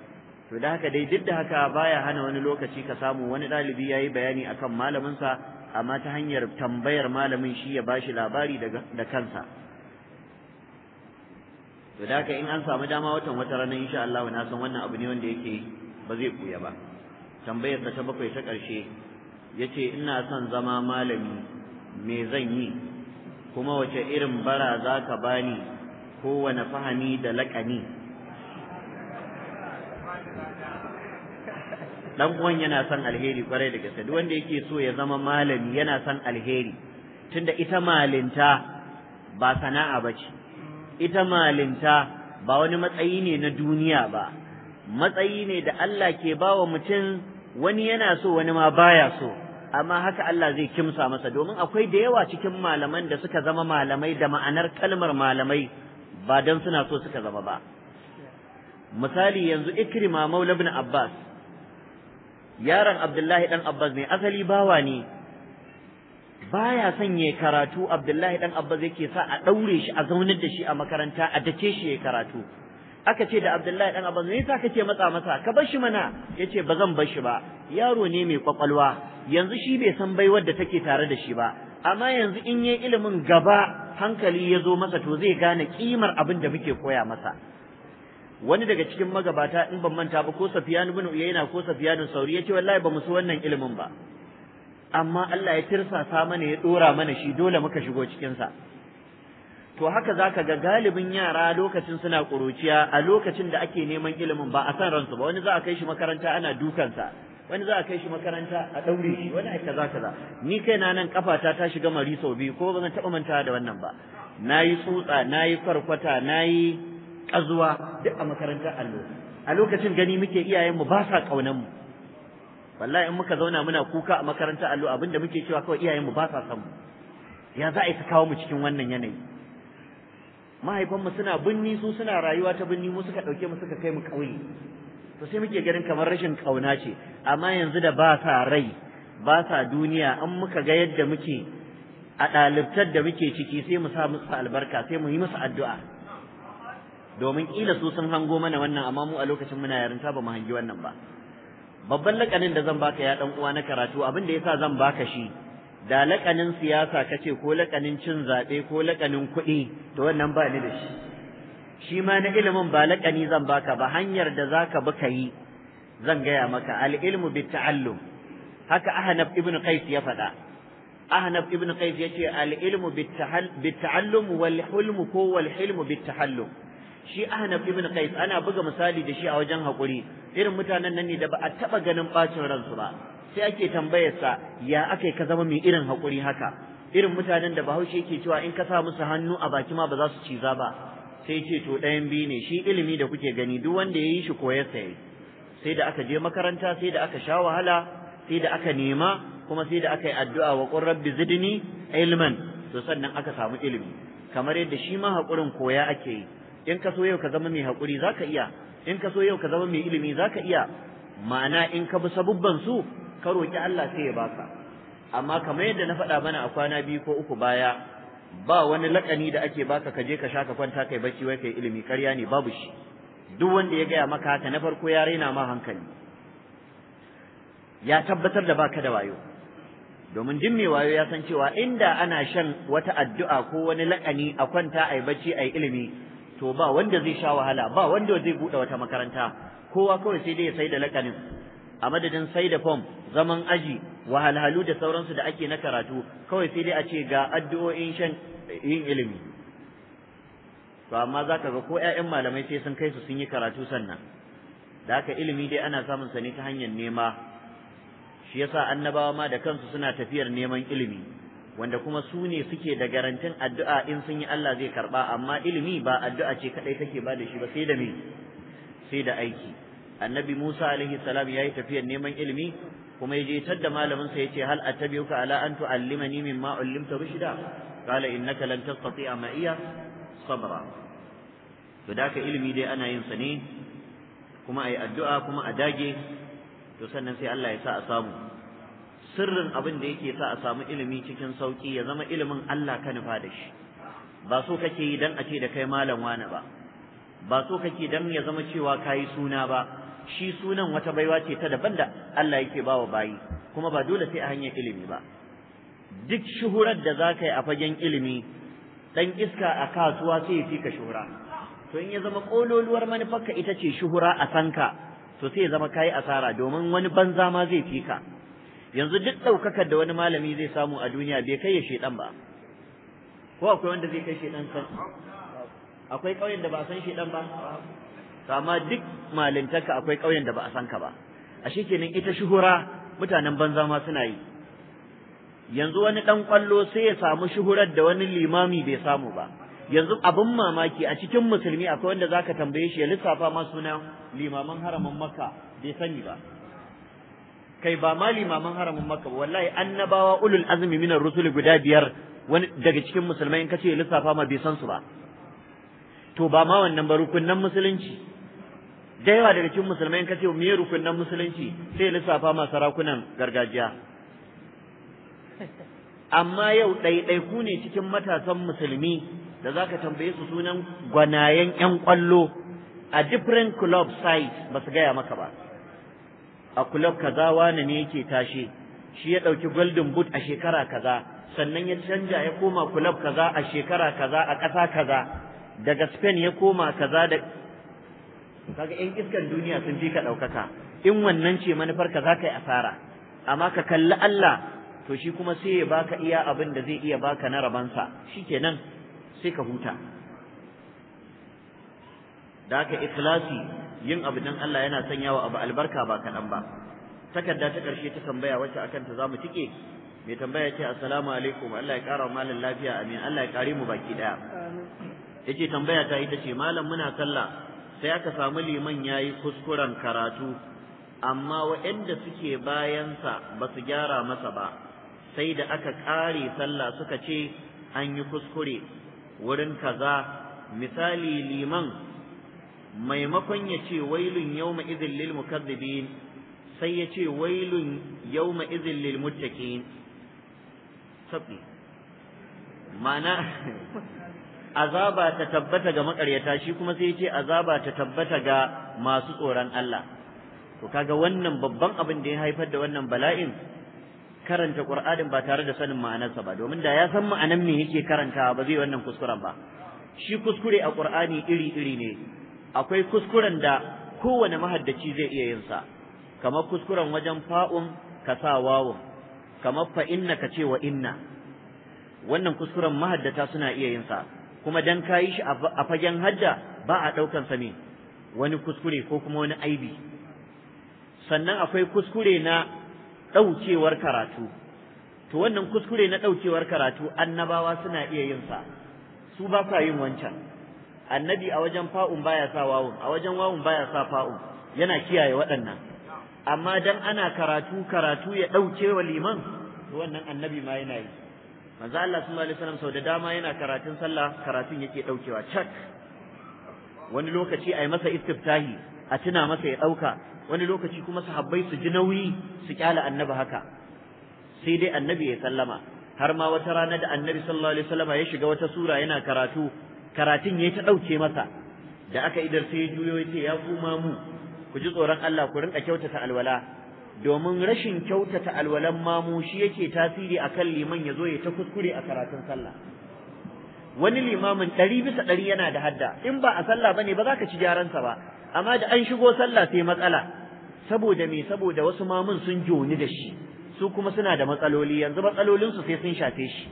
to da haka dai duk da haka baya hana wani lokaci ka samu wani ɗalibi ya yi bayani akan malaminsa amma ta hanyar tambayar malamin shi ya bashi labari da kansa to da in an samu dama watan wata ranar insha Allah na san wannan abu ne wanda yake ba zai buya ba tambayar ta bakwai ta karshe yace ina son zama malami me zan yi kuma wace irin bara za ka bani kowane fahami da laƙani dan uwan yana son alheri kwarai daga gaske duk wanda yake so ya zama malami yana son alheri tunda ita malinta ba sana'a ba ce ita malinta ba wani matsayi ne na duniya ba matsayi ne da Allah ke ba wa mutum wani yana so wani ma baya so amma haka Allah zai kimsa masa domin akwai da yawa cikin malaman da suka zama malamai da ma'anar kalmar malamai ba dan suna so suka zama ba misali yanzu ikrima maula ibn abbas yaron abdullahi dan abbas ne asali bawa ne baya son ya karatu Abdullahi dan Abbas yake sa a daure shi a zaunar da shi a makaranta a dace shi ya karatu aka ce da Abdullahi dan abba me yasa kake matsa masa ka bar shi mana yace ba zan bar shi ba yaro ne mai kwakwalwa yanzu shi bai san bai wadda take tare da shi ba amma yanzu in yayi ilimin gaba hankali ya zo masa to zai gane kimar abin da muke koya masa wani daga cikin magabata in ban manta ba ko Sufyan ibn Uyayna ko Sufyan Sauri yace wallahi ba mu su wannan ilimin ba amma Allah ya tirsasa mana ya dora mana shi dole muka shigo cikinsa to haka za ka ga galibin yara lokacin suna ƙuruciya a lokacin da ake neman ilimin ba a san ransu ba wani za a kai shi makaranta ana dukansa wani za a kai shi makaranta a ɗaure shi wani a kaza kaza ni kaina nan kafata ta shiga mari sau biyu ko ba zan taɓa mantawa da wannan ba na yi tsutsa na yi kwarkwata na yi ƙazuwa duk a makarantar allo a lokacin gani muke iyayenmu ba sa ƙaunanmu. mu wallahi in muka zauna muna kuka a makarantar allo abinda muke cewa kawai iyayenmu ba sa san mu ya za a yi kawo mu cikin wannan yanayi mahaifanmu suna binni su suna rayuwa ta binni mu suka ɗauke mu suka kai mu ƙauye to sai muke ganin kamar rashin ƙauna ce amma yanzu da ba sa rai ba sa duniya an muka ga yadda muke a ɗalibtar da muke ciki sai mu sa musu albarka sai mu yi musu addu'a domin ƙila su sun hango mana wannan amma mu a lokacin muna yarinta ba mu hangi wannan ba babban lakanin da zan baka ya dan uwa na karatu abin da yasa zan baka shi da lakanin siyasa kace ko lakanin cin zaɓe ko lakanin kuɗi to wannan ba ni da shi shi ma na ilimin ba lakani zan baka ba hanyar da zaka bi ka yi zan gaya maka al-ilmu bit-ta'allum haka Ahnaf ibn Qais ya faɗa Ahnaf ibn Qais yace al-ilmu bit-ta'allum wal hulmu ko wal hilmu bit-tahallum shi Ahnaf ibn Qais ana buga misali da shi a wajen hakuri irin mutanen nan ne da ba a taɓa ganin ɓacin ransu ba sai ake tambayarsa ya aka ka zama mai irin haƙuri haka irin mutanen da bahaushe yake cewa in ka sa musu hannu a baki ma ba za su ciza ba sai ce to ɗayan biyu ne shi ilimi da kuke gani duk wanda ya yi shi koyar sai sai da aka je makaranta sai da aka sha wahala sai da aka nema kuma sai da aka yi addu'a wa qur rabbi zidni ilman to sannan aka samu ilimi kamar yadda shi ma haƙurin koya ake yi in ka so yau ka zama mai haƙuri zaka iya in ka so yau ka zama mai ilimi za ka iya ma'ana in ka bi sabubban su ka roƙi Allah sai ya baka amma kamar yadda na faɗa mana a kwana biyu ko uku baya ba wani laƙani da ake baka ka je ka sha ka kwanta kai bacci wai kai ilimi ƙarya ne babu shi duk wanda ya gaya maka haka na farko ya raina ma hankali ya tabbatar da baka da wayo domin duk mai wayo ya san cewa inda ana shan wata addu'a ko wani laƙani a kwanta ai bacci ai ilimi to ba wanda zai sha wahala ba wanda zai buɗe wata makaranta kowa kawai sai dai ya sai da lakanin a madadin sai da fom zaman aji wahalhalu da sauransu da ake na karatu kawai sai dai a ce ga addu'o'in shan yin ilimi to amma za ka ga ko 'ya'yan malamai sai sun kai su sun yi karatu sannan da haka ilimi dai ana samun sa ne ta hanyar nema shi yasa annabawa ma da kansu suna tafiyar neman ilimi wanda kuma su ne suke da garantin addu'a in sun yi Allah zai karba amma ilimi ba addu'a ce kadai take ba da shi ba sai da me sai da aiki annabi Musa alaihi salam yayi tafiyar neman ilimi kuma yaje tadda malamin sa yace hal attabi'uka ala an tu'allimani mimma ullimta rushida qala innaka lan tastati'a ma'iya sabra to daka ilimi dai ana yin sa ne kuma ai addu'a kuma a dage to sannan sai Allah ya sa a samu sirrin abin da yake sa a samu ilimi cikin sauki ya zama ilimin Allah ka nufa da shi ba so kake yi dan a ce da kai malam wani ba ba so kake dan ya zama cewa kayi suna ba shi sunan wata baiwa ce ta daban da Allah yake bawa bayi kuma ba dole sai a hanyar ilimi ba duk shuhurar da za ka yi a fagen ilimi dan iska a kasuwa sai ya fi ka shuhura to in ya zama kololuwar manufarka ita ce shuhura a sanka to sai ya zama kayi asara domin wani banza ma zai fi ka yanzu duk ɗaukakar da wani malami zai samu a duniya bai kai ya shedan ba ko akwai wanda zai kai shedan kan akwai ƙauyen da ba san shedan ba amma duk malintaka akwai ƙauyen da ba a san ka ba ashe kenan ita shuhura mutanen banza ma suna yi yanzu wani ɗan kwallo sai ya samu shuhurar da wani limami bai samu ba yanzu abin mamaki a cikin musulmi akwai wanda zaka tambaye shi ya lissafa ma suna limaman haramin makka bai sani ba kai ba ma limaman haramin maka ba wallahi annabawa ulul azmi minar rusul guda biyar wani daga cikin musulmai in kace lissafa ma bai san su ba to ba ma wannan ba rukunnan musulunci da yawa daga cikin musulmai in kace me rukunnan musulunci sai lissafa ma sarakunan gargajiya amma yau ɗaiɗaiku ne cikin matasan musulmi da zaka tambaye su sunan gwanayen 'yan kwallo a different club size ba su gaya maka ba a kulob kaza wane ne yake tashe shi ya ɗauki golden boot a shekara kaza sannan ya canja ya koma kulob kaza a shekara kaza a ƙasa kaza daga spain ya koma kaza da kaga yan iskan duniya sun fi ka ɗaukaka in wannan ce manufar ka za ka yi asara amma ka kalli Allah to shi kuma sai ya baka iya abin da zai iya baka na rabansa shikenan sai ka huta da ikhlasi yin abu dan Allah yana sanyawa abu albarka ba kaɗan ba takarda ta ƙarshe ta tambaya wacce akan ta zamu tike mai tambaya ce assalamu alaikum Allah ya ƙara malam lafiya amin Allah ya kare mu baki daya yace tambaya ta ita ce malam muna sallah sai aka samu liman yayi kuskuren karatu amma waɗanda suke bayansa ba su gyara masa ba sai da aka ƙare sallah suka ce an yi kuskure wurin kaza misali liman maimakon ya ce wailun yawma idhil lil mukaththibin sai ya ce wailun yawma idhil lil muttaqin sabbi mana (laughs) azaba ta tabbata ga makaryata shi kuma sai ya ce azaba ta tabbata ga masu tsoron Allah to kaga wannan babban abin da ya haifar da wannan bala'in karanta Qur'anin ba tare da sanin ma'anarsa ba domin da ya san ma'anar me yake karantawa ba zai wannan kuskuren ba shi kuskure a Qur'ani iri iri ne akwai kuskuren da kowane mahaddaci zai iya yin sa kamar kuskuren wajen fa'un ka sa wawun kamar fa inna ka ce wa inna wannan kuskuren mahaddata suna iya yin sa kuma dan kayi shi a fagen hajja ba a ɗaukan sa ne wani kuskure ko kuma wani aibi sannan akwai kuskure na ɗaukewar karatu to wannan kuskure na ɗaukewar karatu annabawa suna iya yin sa su ba sa yin wancan annabi a wajen fa'un baya sa wawun a wajen wawun baya sa fa'un yana kiyaye waɗannan amma dan ana karatu karatu ya ɗauke wa liman to wannan annabi ma yana yi manzo Allah sallallahu alaihi wasallam sau da dama yana karatun sallah karatun yake ɗaukewa cak wani lokaci a yi masa istiftahi a tuna masa ya ɗauka wani lokaci kuma sahabbai su ji nauyi su kyala annabi haka sai dai annabi ya sallama har ma wata rana da annabi sallallahu alaihi wasallam ya shiga wata sura yana karatu karatun ya yi ta ɗauke masa da aka idar sai ya juyo ya ce ya kuma mu ku ji tsoron Allah ku rinka kyautata alwala domin rashin kyautata alwalan mamu shi yake tasiri a kan liman ya zo ya ta kuskure a karatun sallah wani limamin ɗari bisa ɗari yana da hadda in ba a sallah ba ne, ba za ka ci sa ba amma da an shigo sallah sai matsala saboda me saboda wasu mamun sun joni da shi su kuma suna da matsaloli yanzu matsalolinsu sai sun shafe shi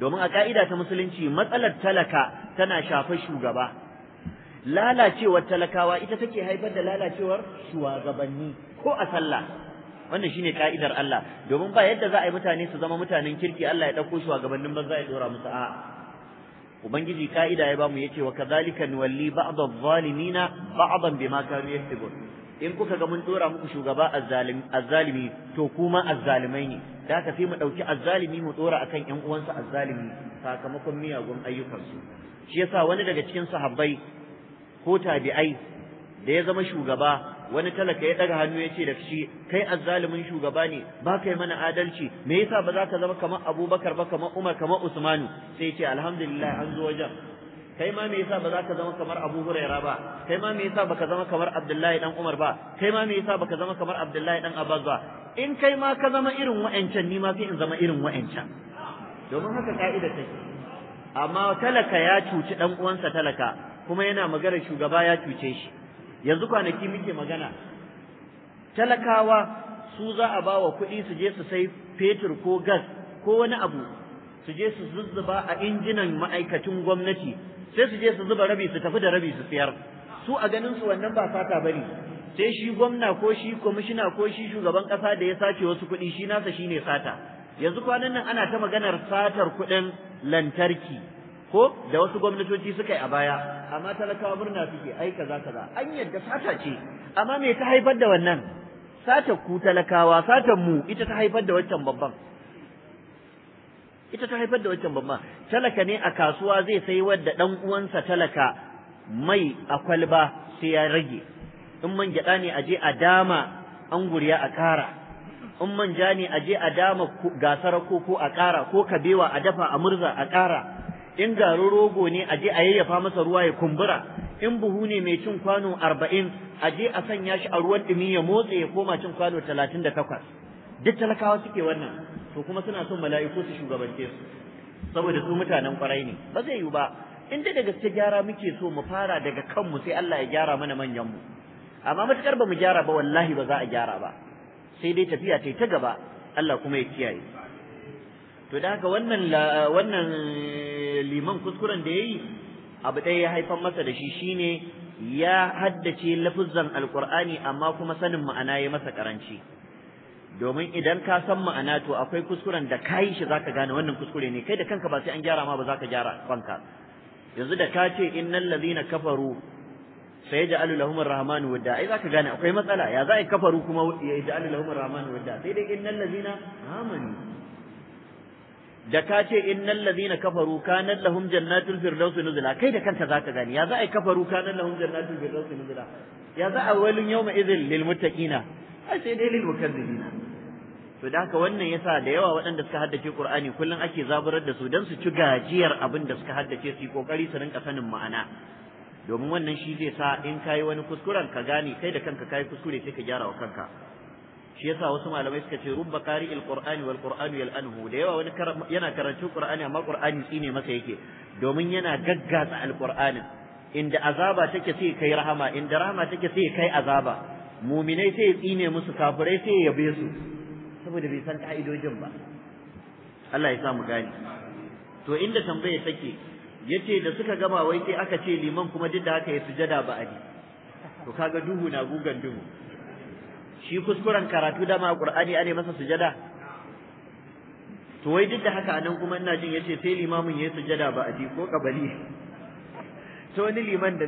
domin a ka'ida ta musulunci matsalar talaka tana shafar shugaba lalacewar talakawa ita take haifar da lalacewar shugabanni ko a sallah wannan shine ka'idar Allah domin ba yadda za a yi mutane su zama mutanen kirki Allah ya dauko shugabannin banza ya dora musu a'a ubangiji ka'ida ya bamu yace wa kadhalika nuwalli ba'd zalimina ba'dan bima kanu in kuka ga mun dora muku shugaba azzalimi to kuma azzalimai ne da haka fi mu ɗauki azzalimi mu ɗora akan ƴan uwansa azzalimi sakamakon miyagun ayyukansu shi yasa wani daga cikin sahabbai ko tabi'ai da ya zama shugaba wani talaka ya ɗaga hannu ya ce da shi kai azzalimin shugaba ne ba kai mana adalci me yasa ba za ka zama kamar abubakar ba kamar umar kamar usmanu sai ya ce alhamdulillah an zo wajen kai ma me yasa ba za ka zama kamar Abu Huraira ba kai ma me yasa ka zama kamar Abdullahi dan Umar ba kai ma me yasa ka zama kamar Abdullahi dan Abbas ba in kai ma ka zama irin wa'ancan ni ma sai in zama irin wa'ancan domin haka ka'ida take amma talaka ya cuci dan uwansa talaka kuma yana magana shugaba ya cuce shi yanzu kwanaki muke magana talakawa su za a bawa kuɗi su je su sai fetur ko gas ko wani abu su je su zuzzuba a injinan ma'aikacin gwamnati sai su je su zuba rabi su tafi da rabi su siyar su a ganin su wannan ba fata bane sai shi gwamna ko shi kwamishina ko shi shugaban kasa da ya sace wasu kuɗi shi nasa shi ne sata yanzu kwanan nan ana ta maganar satar kuɗin lantarki ko da wasu gwamnatoci suka yi a baya amma talakawa murna suke ai kaza kaza an yadda sata ce amma me ta haifar da wannan sata ku talakawa satan mu ita ta haifar da waccan babban ita ta haifar da waccan babban talaka ne a kasuwa zai sai wadda dan uwansa talaka mai a kwalba sai ya rage in man gyaɗa ne a je a dama guriya a ƙara in ja ne a je a dama gasara ko ko a ƙara ko kabewa a dafa a murza a ƙara in garin rogo ne a je a yayyafa masa ruwa ya kumbura in buhu ne mai cin kwano arba'in a je a sanya shi a ruwan ɗumi ya motsa ya koma cin kwano talatin da takwas duk talakawa suke wannan to kuma suna son mala'iku su shugabance su saboda su mutanen kwarai ne ba zai yiwu ba in da gaske gyara muke so mu fara daga kanmu sai Allah ya gyara mana manyanmu amma matukar ba mu gyara ba wallahi ba za a gyara ba sai dai tafiya ta yi ta gaba Allah kuma ya kiyaye to da haka wannan wannan liman kuskuren da yayi abu ɗaya ya haifar masa da shi shine ya haddace lafuzzan alqur'ani amma kuma sanin ma'ana ya masa karanci domin idan ka san ma'ana to akwai kuskuren da yi shi zaka gane wannan kuskure ne kai da kanka ba sai an gyara ma ba zaka gyara kanka yanzu da ka ce innal ladina kafaru sai ya ja'alu lahum ar-rahmanu wadda ai zaka gane akwai matsala ya za a kafaru kuma ya ja'alu lahum ar-rahmanu wadda sai dai innal ladina amanu da ka ce innal ladina kafaru kanat lahum jannatul firdaus nuzula kai da kanka zaka gane ya za a kafaru kanat lahum jannatul firdaus nuzula ya za a walun yawma idhil lil muttaqina ai sai dai lil mukazzibina to da haka wannan yasa da yawa waɗanda suka haddace Qur'ani kullum ake zaburar da su dan su ci gajiyar abin da suka haddace su yi kokari su rinka sanin ma'ana domin wannan shi zai sa in kayi wani kuskuren ka gane kai da kanka kayi kuskure sai ka gyara wa kanka shi yasa wasu malamai suka ce rubba qari'il qur'ani wal qur'anu yal'anhu da yawa wani yana karatu qur'ani amma qur'ani tsine masa yake domin yana gaggasa alqur'anin inda azaba take sai kai rahama inda rahama take sai kai azaba muminai sai ya tsine musu kafirai sai ya yabe su saboda bai san ka'idojin ba Allah ya sa mu gane to inda tambayar take yace da suka gama wai sai aka ce liman kuma duk da haka ya sujada ba ali to kaga duhu na gugan duhu shi kuskuren karatu dama qur'ani ane masa sujada to wai duk da haka anan kuma ina jin yace sai limamin yayi sujada ba aji ko kabali to wani liman da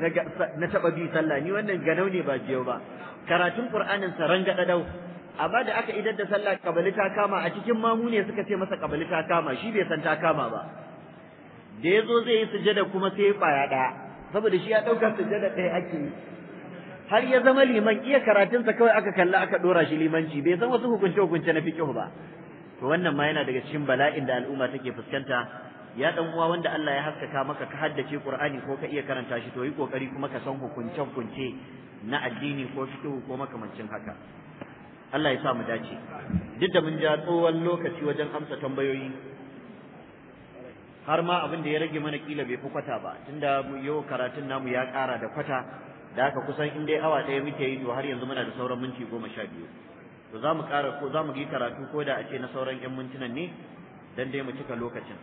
na taba bi sallah ni wannan ganau ne ba jiyo ba karatun qur'anin sa rangada dau amma da aka idar da sallah kabali ta kama a cikin mamu ne suka ce masa kabali ta kama shi bai san ta kama ba da ya zo zai yi sujada kuma sai ya kwaya ɗaya saboda shi ya ɗauka sujada ɗaya ake yi har ya zama liman iya karatunsa kawai aka kalla aka ɗora shi limanci bai san wasu hukunce hukunce na fiqh ba to wannan ma yana daga cikin bala'in da al'umma take fuskanta ya dan uwa wanda Allah ya haskaka maka ka haddace Qur'ani ko ka iya karanta shi to yi kokari kuma ka san hukunce hukunce na addini ko fiqh ko makamancin haka Allah ya sa mu dace duk da mun ja tsohon lokaci wajen amsa tambayoyi har ma abin da ya rage mana kila bai fi kwata ba tunda yau karatun namu ya kara da kwata da haka kusan in dai awa ɗaya muke yi to har yanzu muna da sauran minti goma sha biyu to za mu ƙara ko za mu yi karatu ko da a ce na sauran 'yan mintunan ne dan dai mu cika lokacin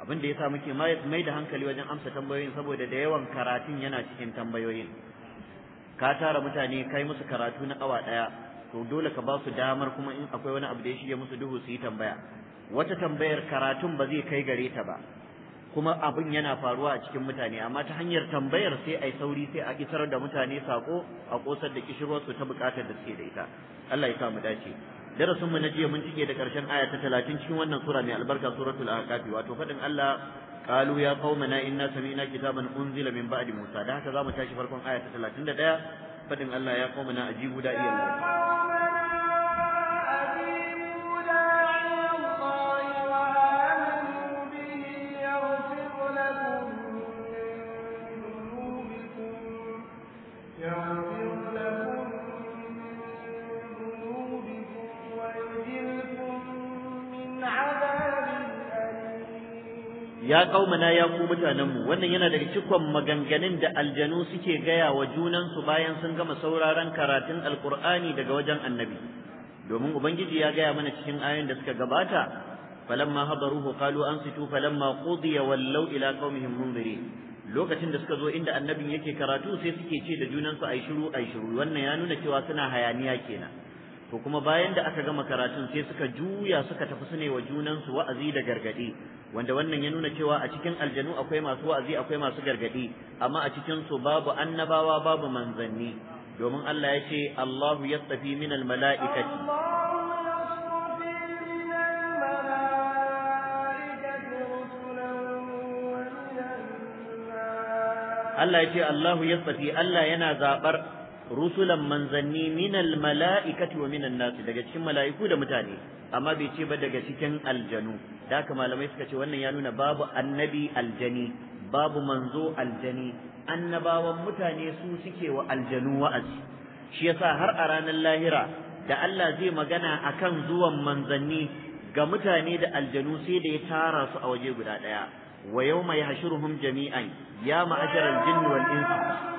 abin da sa muke mai da hankali wajen amsa tambayoyin saboda da yawan karatun yana cikin tambayoyin ka tara mutane kai musu karatu na awa ɗaya to dole ka ba su damar kuma in akwai wani abu da ya shige musu duhu su yi tambaya wata tambayar karatun ba zai kai gare ta ba kuma abin yana faruwa a cikin mutane amma ta hanyar tambayar sai a sauri sai a kisar da mutane sako a kosar da kishirwarsu ta bukatar da suke da ita Allah ya sa mu dace darasinmu na jiya mun cike da karshen aya ta talatin cikin wannan sura mai albarka suratul ahqaf wato faɗin Allah ya qaumana inna sami'na kitaban unzila min ba'di musa da haka zamu tashi farkon aya ta 31 Allah ya ya qaumana ajibu guda الله ya qaumana ya ku mutanenmu wannan yana daga cikon maganganun da aljanu suke gaya wa junansu bayan sun gama sauraron karatun alqur'ani daga wajen annabi domin ubangiji ya gaya mana cikin ayoyin da suka gabata falamma hadaruhu qalu ansitu falamma qudiya wallau ila qaumihim munzirin lokacin da suka zo inda annabin yake karatu sai suke ce da junansu ai shiru ai shiru wannan ya nuna cewa suna hayaniya kenan to kuma bayan da aka gama karatun sai suka juya suka tafi su ne wa junansu wa'azi da gargadi wanda wannan ya nuna cewa a cikin aljanu akwai masu wa'azi akwai masu gargadi amma a cikin su babu annabawa babu manzanni domin Allah ya ce Allahu yastafi min mala'ikati Allah ya ce Allahu yastafi Allah yana zabar rusulan manzanni minal mala'ikati wa minan nasu daga cikin mala'iku da mutane amma bai ce ba daga cikin aljanu da haka malamai suka ce wannan ya nuna babu annabi aljani babu manzo aljani annabawan mutane su suke wa aljanu wa'azi shi yasa har a ranar lahira da Allah zai magana akan zuwan manzanni ga mutane da aljanu sai da ya tara su a waje guda daya wa yawma yahshuruhum jami'an ya ma'asharal jinni wal insi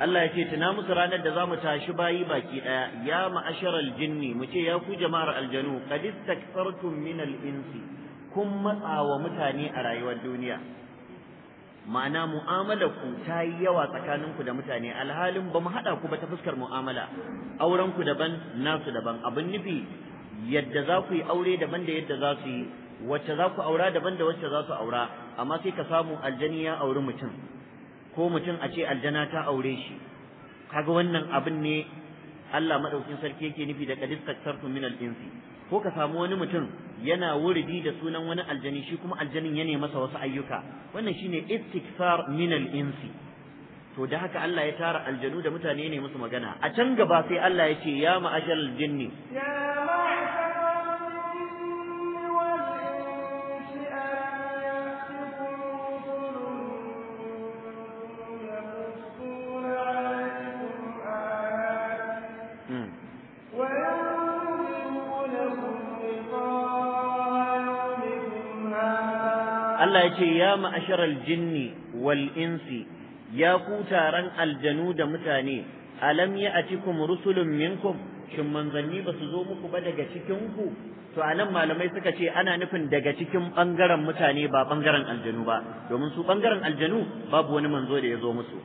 Allah ya ce tuna musu ranar da za mu tashi bayi baki ɗaya ya ma'asharar jinni mu ce ya ku jama'ar aljanu qad istakthartum min al-insi kun matsa wa mutane a rayuwar duniya ma'ana mu'amalar ku ta yi yawa tsakanin ku da mutane alhalin ba mu haɗa ku ba ta fuskar mu'amala Aurenku ku daban nasu daban abin nufi yadda za ku yi aure daban da yadda za su yi wacce za ku aura daban da wacce za su aura amma sai ka samu aljani ya auri mutum ko mutum a ce aljana ta aure shi kaga wannan abin ne Allah madaukin sarki yake nufi da qadis taktartum min al-insi ko ka samu wani mutum yana wuridi da sunan wani aljani shi kuma aljanin ya nemi masa wasu ayyuka wannan shine istikfar min al-insi to da haka Allah ya tara aljanu da mutane ne musu magana a can gaba sai Allah ya ce ya ma'ashal jinni ya yace ya ce ma'asharal jinni wal insi ya ku taron aljanu da mutane alam ya'tikum rusulun minkum shin manzanni ba su zo muku ba daga cikin ku to anan malamai suka ce ana nufin daga cikin bangaren mutane ba bangaren aljanu ba domin su bangaren aljanu babu wani manzo da ya zo musu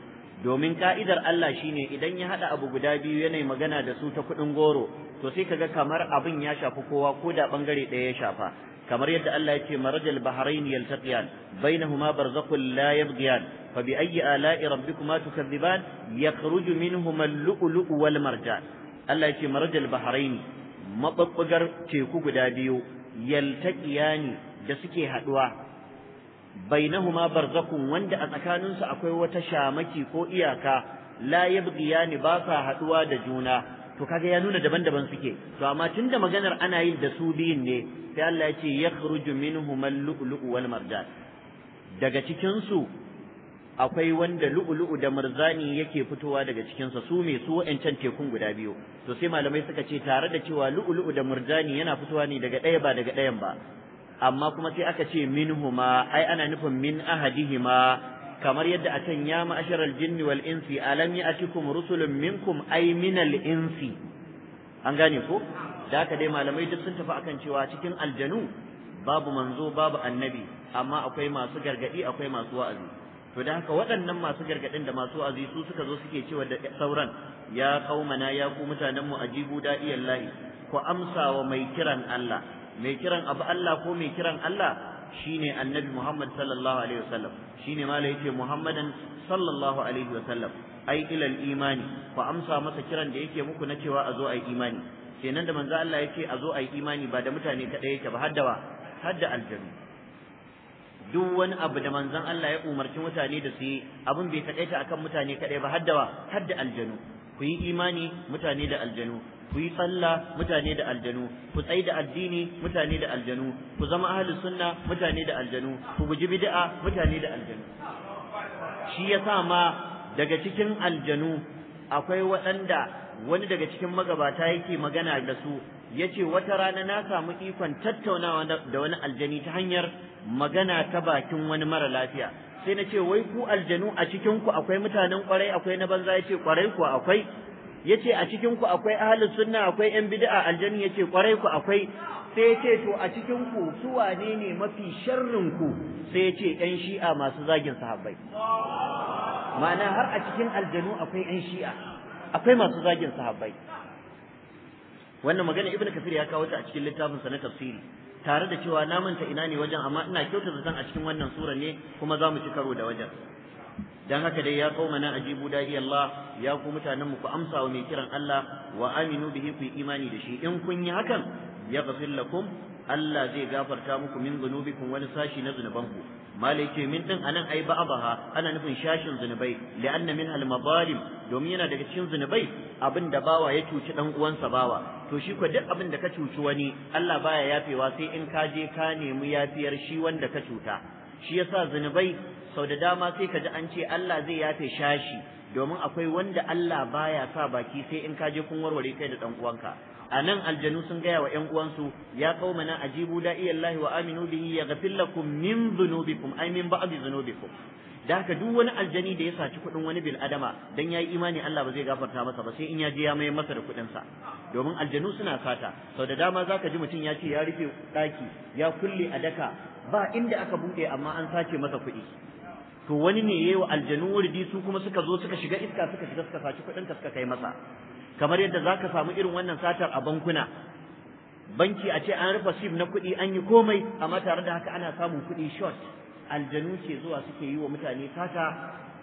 domin ka'idar Allah shine idan ya hada abu guda biyu yana magana da su ta kudin goro to sai kaga kamar abin ya shafi kowa ko da bangare ɗaya ya shafa kamar yadda Allah ya ce marajal bahrain yaltaqiyan bainahuma barzakhun la yabghiyan fa bi ayyi ala'i rabbikuma tukadziban yakhruju minhuma luluu wal marjan Allah ya marajal bahrain mababbugar teku guda biyu yaltaqiyani da suke haduwa bainahuma barzakhun wanda a tsakaninsu akwai wata shamaki ko iyaka la yabghiyani ba sa haduwa da juna to kaga ya nuna daban-daban suke to amma tunda maganar ana yin da su biyun ne sai Allah ya ce yakhruju minhum al-lu'lu'u wal marjan daga cikin su akwai wanda lu'lu'u da marzani yake fitowa daga cikin sa su me su wa'ancan tekun guda biyu to sai malamai suka ce tare da cewa lu'lu'u da marzani yana fitowa ne daga ɗaya ba daga ɗayan ba amma kuma sai aka ce minhuma ai ana nufin min ahadihima kamar yadda a can ya ma'asharal jinni wal insi alam ya'tikum rusulun minkum ay minal insi an gane ko da haka dai malamai duk sun tafi akan cewa cikin aljanu babu manzo babu annabi amma akwai masu gargadi akwai masu wa'azi to da haka waɗannan masu gargadin da masu wa'azi su suka zo suke cewa da sauran ya kaumana ya ku mutanen mu ajibu da'iyallahi ku amsa wa mai kiran Allah mai kiran abu Allah ko mai kiran Allah shine annabi Muhammad sallallahu alaihi wasallam shine mala yace Muhammadan sallallahu alaihi wasallam ai ilal imani ku amsa masa kiran da yake muku na cewa a zo ai imani kenan da manzo Allah yace a zo ai imani ba da mutane kada yake ba har da har da duk wani abu da manzon Allah ya umarci mutane da su yi abin bai takaita akan mutane kaɗai ba har da har da aljanu ku yi imani mutane da aljanu ku yi mutane da aljanu ku tsai da addini mutane da aljanu ku zama ahlus sunna mutane da aljanu ku guji bid'a mutane da aljanu shi yasa ma daga cikin aljanu akwai waɗanda wani daga cikin magabata yake magana da su yace wata rana na samu ikon tattaunawa da wani aljani ta hanyar magana ta bakin wani mara lafiya sai na ce wai ku aljanu a cikin ku akwai mutanen kwarai akwai na banza yace kwarai ku akwai yace a cikin ku akwai ahlus sunna akwai yan bid'a aljanu yace kwarai ku akwai sai yace to a cikin ku su wane ne mafi sharrin ku sai yace yan shi'a masu zagin sahabbai ma'ana har a cikin aljanu akwai yan shi'a akwai masu zagin sahabbai wannan magana ibnu kafir ya kawo ta a cikin littafin sa na tafsiri tare da cewa na manta ina ne wajen amma ina kyauta zan a cikin wannan sura ne kuma za mu ci karo da wajen dan haka dai ya kauma na ajibu da'i Allah ya ku mutanen mu ku amsa wa mai kiran Allah wa aminu bihi ku imani da shi in kun yi hakan ya ghafir lakum Allah zai gafarta muku min zunubikum wani sashi na zunuban zunubanku malai ce min din anan ai ba'abaha ana nufin shashin zunubai li'anna min al-mazalim domin yana daga cikin zunubai abin da bawa ya cuci dan uwansa bawa to shi ko duk abin da ka cuci wani Allah baya yafewa sai in ka je ka nemi yafiyar shi wanda ka cuta shi yasa zunubai sau da dama sai ka ji an ce Allah zai yafe shashi domin akwai wanda Allah baya sa baki sai in ka je kun warware kai da dan uwanka a nan aljanu sun gaya wa 'yan uwansu ya qaumana ajibu iyallahi wa aminu bihi yaghfir lakum min dhunubikum ay min ba'di dhunubikum da haka duk wani aljani da ya saci kuɗin wani bil adama dan yayi imani Allah ba zai gafarta masa ba sai in ya je ya mai masa da kuɗin sa domin aljanu suna sata sau da dama zaka ji mutum ya ce ya rufe ɗaki ya kulle a daka ba inda aka buɗe amma an sace masa kuɗi to wani ne yayi wa aljanu wurdi su kuma suka zo suka shiga iska suka shiga suka saci kuɗin ka suka kai masa kamar yadda zaka samu irin wannan satar a bankuna banki a ce an rufe sim na kuɗi an yi komai amma tare da haka ana samun kuɗi short aljanu ce zuwa suke yi wa mutane fata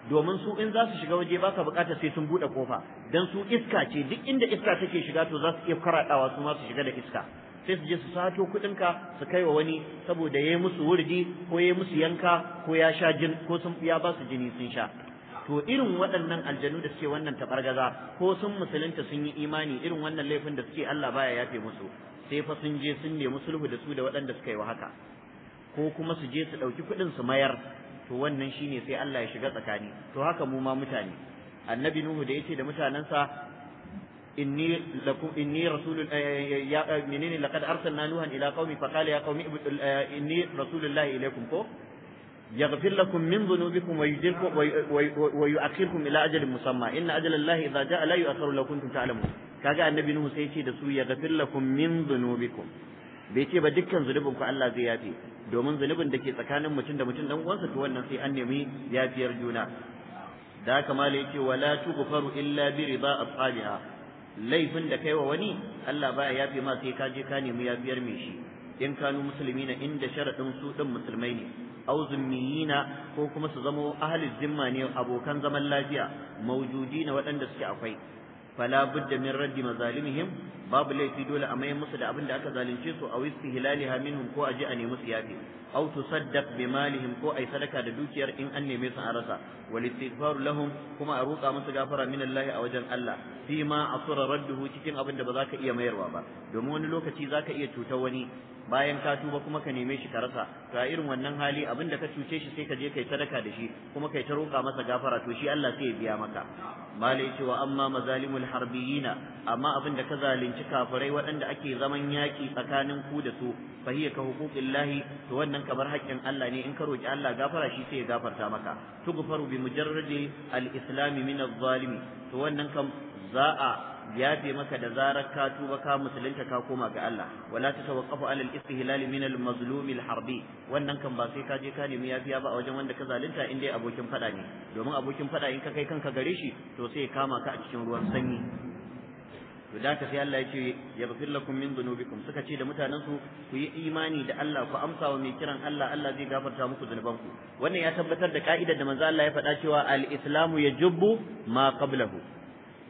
domin su in za su shiga waje ba ka bukata sai sun bude kofa dan su iska ce duk inda iska take shiga to za su iya karadawa su ma su shiga da iska sai su je su sato kuɗinka su kai wa wani saboda ya yi musu wurdi ko ya musu yanka ko ya sha jin ko sun ya ba su jini sun sha to irin waɗannan aljanu da suke wannan tabargaza ko sun musulunta sun yi imani irin wannan laifin da suke Allah baya yafe musu sai fa sun je sun nemi sulhu da su da waɗanda suka yi wa haka ko kuma su je su ɗauki kuɗin su mayar to wannan shine sai Allah ya shiga tsakani to haka mu ma mutane annabi nuhu da yace da mutanansa inni lakum inni eh, ya menene laqad arsalna nuhan ila qaumi fa ya qaumi eh, inni rasulullahi ilaykum ko يغفر لكم من ذنوبكم ويجركم ويؤخركم الى اجل مسمى ان اجل الله اذا جاء لا يؤخر لو كنتم تعلمون كاجا النبي نوح سيتي دسو يغفر لكم من ذنوبكم bai ce ba dukkan zunubin ku Allah zai yafe domin zunubin da ke tsakanin mutum da mutum dan uwansa to wannan sai an nemi yafiyar juna da haka mala yace wala tughfaru illa bi rida ashabiha laifin da kaiwa wani Allah baya yafe ma sai ka je ka nemi yafiyar mai shi in kanu na inda sharadin su din musulmai ne aw zummiyina ko kuma su zamo ahli zimma ne abokan zaman lafiya maujudi na waɗanda suke akwai fala budda min raddi mazalimihim babu laifi dole a mayan musu da abin da aka zalunce su a wisti hilaliha minhum ko a je a nemi su yafi aw tusaddaq bi malihim ko yi sadaka da dukiyar in an neme su an rasa wal istighfar lahum kuma a roƙa musu gafara min Allah a wajen Allah fi ma asura radduhu cikin abin da ba za ka iya mayarwa ba domin wani lokaci za ka iya cutar wani bayan ka tuba kuma ka neme shi ka rasa a irin wannan hali abin da ka cuce shi sai ka je kai sadaka da shi kuma kai ta roƙa masa gafara to shi Allah sai ya biya maka malai ce wa amma mazalimul harbiyina amma abin da ka zalunci kafirai waɗanda ake zaman yaƙi tsakanin ku da su fa hiya ka huquqillahi to wannan kamar haƙƙin Allah ne in ka roƙi Allah gafara shi sai ya gafarta maka tugfaru bi mujarradi al-islam min adh-dhalimi to wannan kam za a yafe maka da zarar ka tuba ka musulunta ka koma ga Allah wala tatawaqqafu alal istihlal min al mazlum al harbi wannan kan ba sai ka je ka nemi yafiya ba a wajen wanda ka zalunta in dai abokin fada ne domin abokin fada in ka kai kanka gare shi to sai kama ka a cikin ruwan sanyi to da ka sai Allah ya ce lakum min dhunubikum suka ce da mutanen su ku yi imani da Allah ku amsa wa mai kiran Allah Allah zai gafarta muku zunubanku wannan ya tabbatar da ka'idar da manzo Allah ya faɗa cewa al islamu yajubbu ma qablahu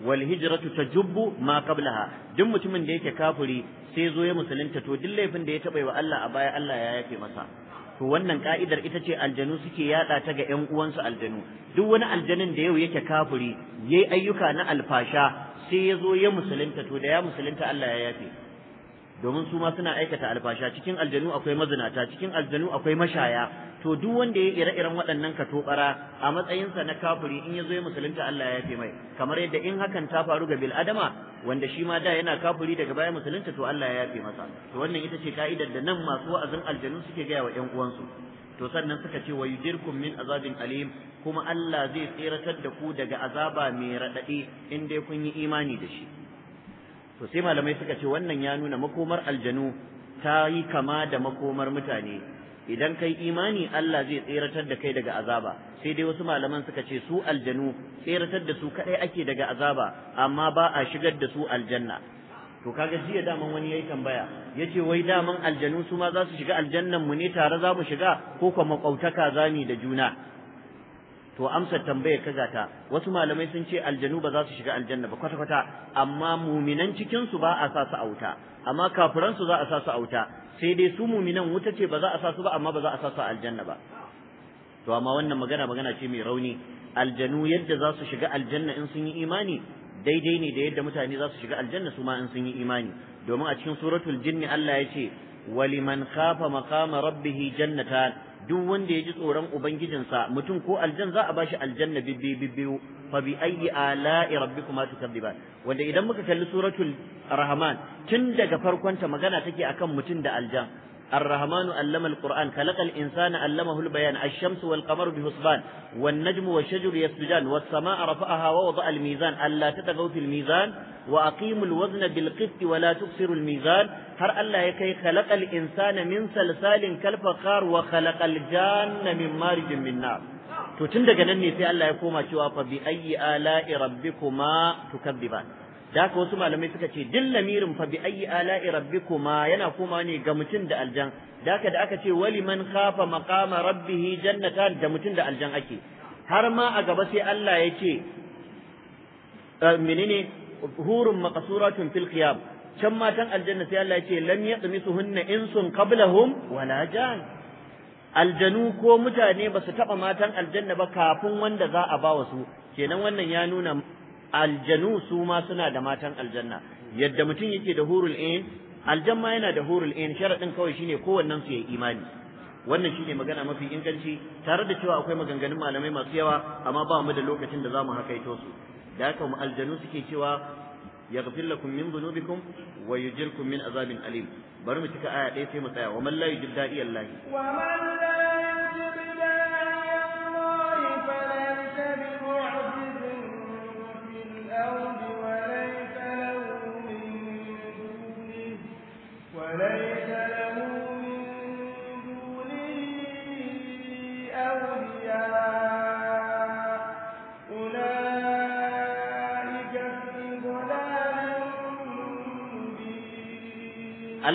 wal hijratu Jubbu ma qablaha duk mutumin da yake kafiri sai zo ya musulunta to duk laifin da ya taba wa Allah a baya Allah ya yafe masa to wannan ka'idar ita ce aljanu suke yada ta ga ƴan uwansu aljanu duk wani aljanin da yau yake kafiri yayi ayyuka na alfasha sai ya zo ya musulunta to da ya musulunta Allah ya yafe domin su ma suna aikata alfasha cikin aljanu akwai mazinata cikin aljanu akwai mashaya to duk wanda ya ire-iren waɗannan tokara a matsayinsa na kafiri in ya zo ya musulunta Allah ya yafe mai kamar yadda in hakan ta faru ga bil adama wanda shi ma da yana kafuri daga baya musulunta to Allah ya fi masa to wannan ita ce ka'idar da nan masu wa'azin aljannu suke gaya wa ƴan uwansu to sannan suka ce wa yujirkum min azabin alim kuma Allah zai tseratar da ku daga azaba mai raɗaɗi in dai kun yi imani da shi to sai malamai suka ce wannan ya nuna makomar aljanu ta yi kama da makomar mutane idan kai imani Allah zai tseratar da kai daga azaba sai dai wasu malaman suka ce su aljanu tseratar da su kadai ake daga azaba amma ba a shigar da su aljanna to kaga jiya daman wani yayi tambaya yace wai daman aljanu su ma za su shiga aljannan mu ne tare za mu shiga ko kuma makautaka zani da juna to amsar tambayar kaga ta wasu malamai sun ce aljanu ba za su shiga aljanna ba kwata kwata amma muminan cikin su ba a sa auta amma kafiran su za a sa auta sai dai su muminan wuta ce ba za a sa su ba amma ba za a sa su aljanna ba to amma wannan magana magana ce mai rauni aljanu yadda za su shiga aljanna in sun yi imani daidai ne da yadda mutane za su shiga aljanna su ma in sun yi imani domin a cikin suratul jinni Allah ya ce waliman khafa maqama rabbih jannatan duk wanda ya ji tsoron ubangijinsa mutum ko aljan za a bashi aljanna bibbi bibbiyu فبأي آلاء ربكما تكذبان wanda idan muka لسورة suratul rahman tun daga farkonta magana take akan mutum الرحمن علم القرآن خلق الإنسان علمه البيان الشمس والقمر بحسبان والنجم والشجر يسجان والسماء رفعها ووضع الميزان ألا تتغوا في الميزان وأقيموا الوزن بالقسط ولا تكسروا الميزان هر ألا يكي خلق الإنسان من سلسال كالفخار وخلق الجان من مارج من نار to tun daga nan ne sai Allah ya koma cewa fa bi ayyi ala'i rabbikuma tukazziban da haka wasu malamai suka ce dil lamirin fa bi ayyi ala'i rabbikuma yana koma ne ga mutum da aljan da ka da aka ce wali man khafa maqama rabbihi jannatan da mutum da aljan ake har ma a gaba sai Allah ya ce menene hurun maqsuratun fil qiyam can matan aljanna sai Allah ya ce lam yatmisuhunna insun qablahum wala jan aljanu ko mutane ba su taɓa matan aljanna ba kafin wanda za a ba wa su kenan wannan ya nuna aljanu su ma suna da matan aljanna yadda mutum yake da hurul ain aljan yana da hurul ain sharadin kawai shine kowannen su ya imani wannan shine magana mafi inganci tare da cewa akwai maganganun malamai masu yawa amma ba mu da lokacin da zamu hakaito su da haka mu aljanu suke cewa yaghfir lakum min dhunubikum wa yujirkum min azabin alim bari mu cika aya ɗaya sai mu tsaya wa man la yujib da'iyallahi wa la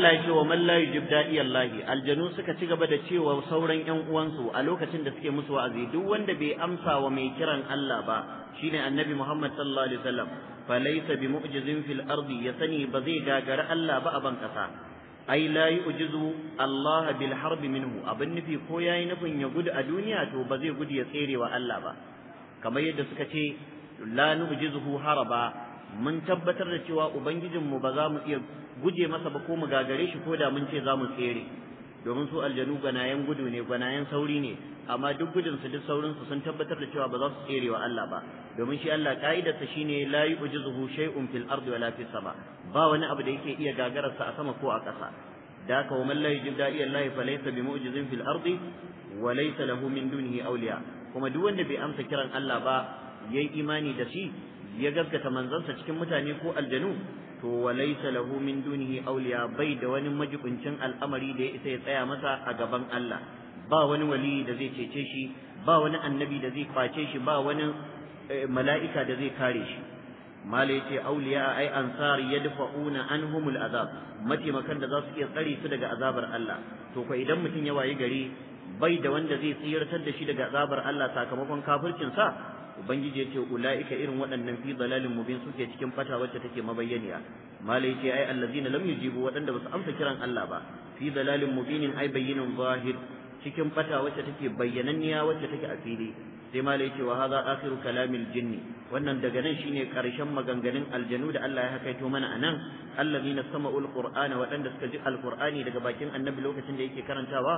Allah ya ce wa man la yujib da'i Allah aljanu suka ci gaba da cewa sauran ƴan uwansu a lokacin da suke musu wa'azi duk wanda bai amsa wa mai kiran Allah ba shine annabi Muhammad sallallahu alaihi wasallam falaysa bi mu'jizin fil ardi ya sani ba zai gagara Allah ba a ban kasa ai la yu'jizu Allah bil harb minhu abin nufi ko yayi nufin ya gudu a duniya to ba zai gudu ya tsere wa Allah ba kamar yadda suka ce la nu'jizuhu haraba mun tabbatar da cewa ubangijinmu ba za mu iya guje masa ba ko mu gagare shi ko da mun ce za mu tsere domin su aljanu gwanayen gudu ne gwanayen sauri ne amma duk gudun su duk saurin su sun tabbatar da cewa ba za su tsere wa Allah ba domin shi Allah ka'idarsa shine la yu'jizuhu shay'un fil ardi wala fis sama ba wani abu da yake iya gagarar sa a sama ko a ƙasa da ka wa man la yujib da'i Allah fa laysa bi mu'jizin fil ardi wa laysa lahu min dunihi awliya kuma duk wanda bai amsa kiran Allah ba yayi imani da shi ya gaskata manzansa cikin mutane ko aljanu to walaysa lahu min dunihi awliya bai da wani majibincin al'amari da ya isa ya tsaya masa a gaban Allah ba wani wali da zai cece shi ba wani annabi da zai kwace shi ba wani eh, mala'ika da zai kare shi mala yace awliya ai ansar yadfa'una anhumul azab mataimakan da za su iya tsare su daga azabar Allah to ko idan mutum ya wayi gari bai da wanda zai tsiratar da shi daga azabar Allah sakamakon sa? ubangiji yace ulaika irin waɗannan fi dalalin mubin suke cikin fata wacce take mabayyaniya malai yace ai allazina lam yujibu waɗanda basu amsa kiran Allah ba fi dalalin mubinin ai bayyinin zahir cikin fata wacce take bayyananniya wacce take a fili sai malai yace wa hadha akhiru kalamil jinni wannan daga nan shine karshen maganganun aljanu da Allah ya hakaito mana anan allazina sama'u alqur'ana wadanda suka ji alqur'ani daga bakin annabi lokacin da yake karantawa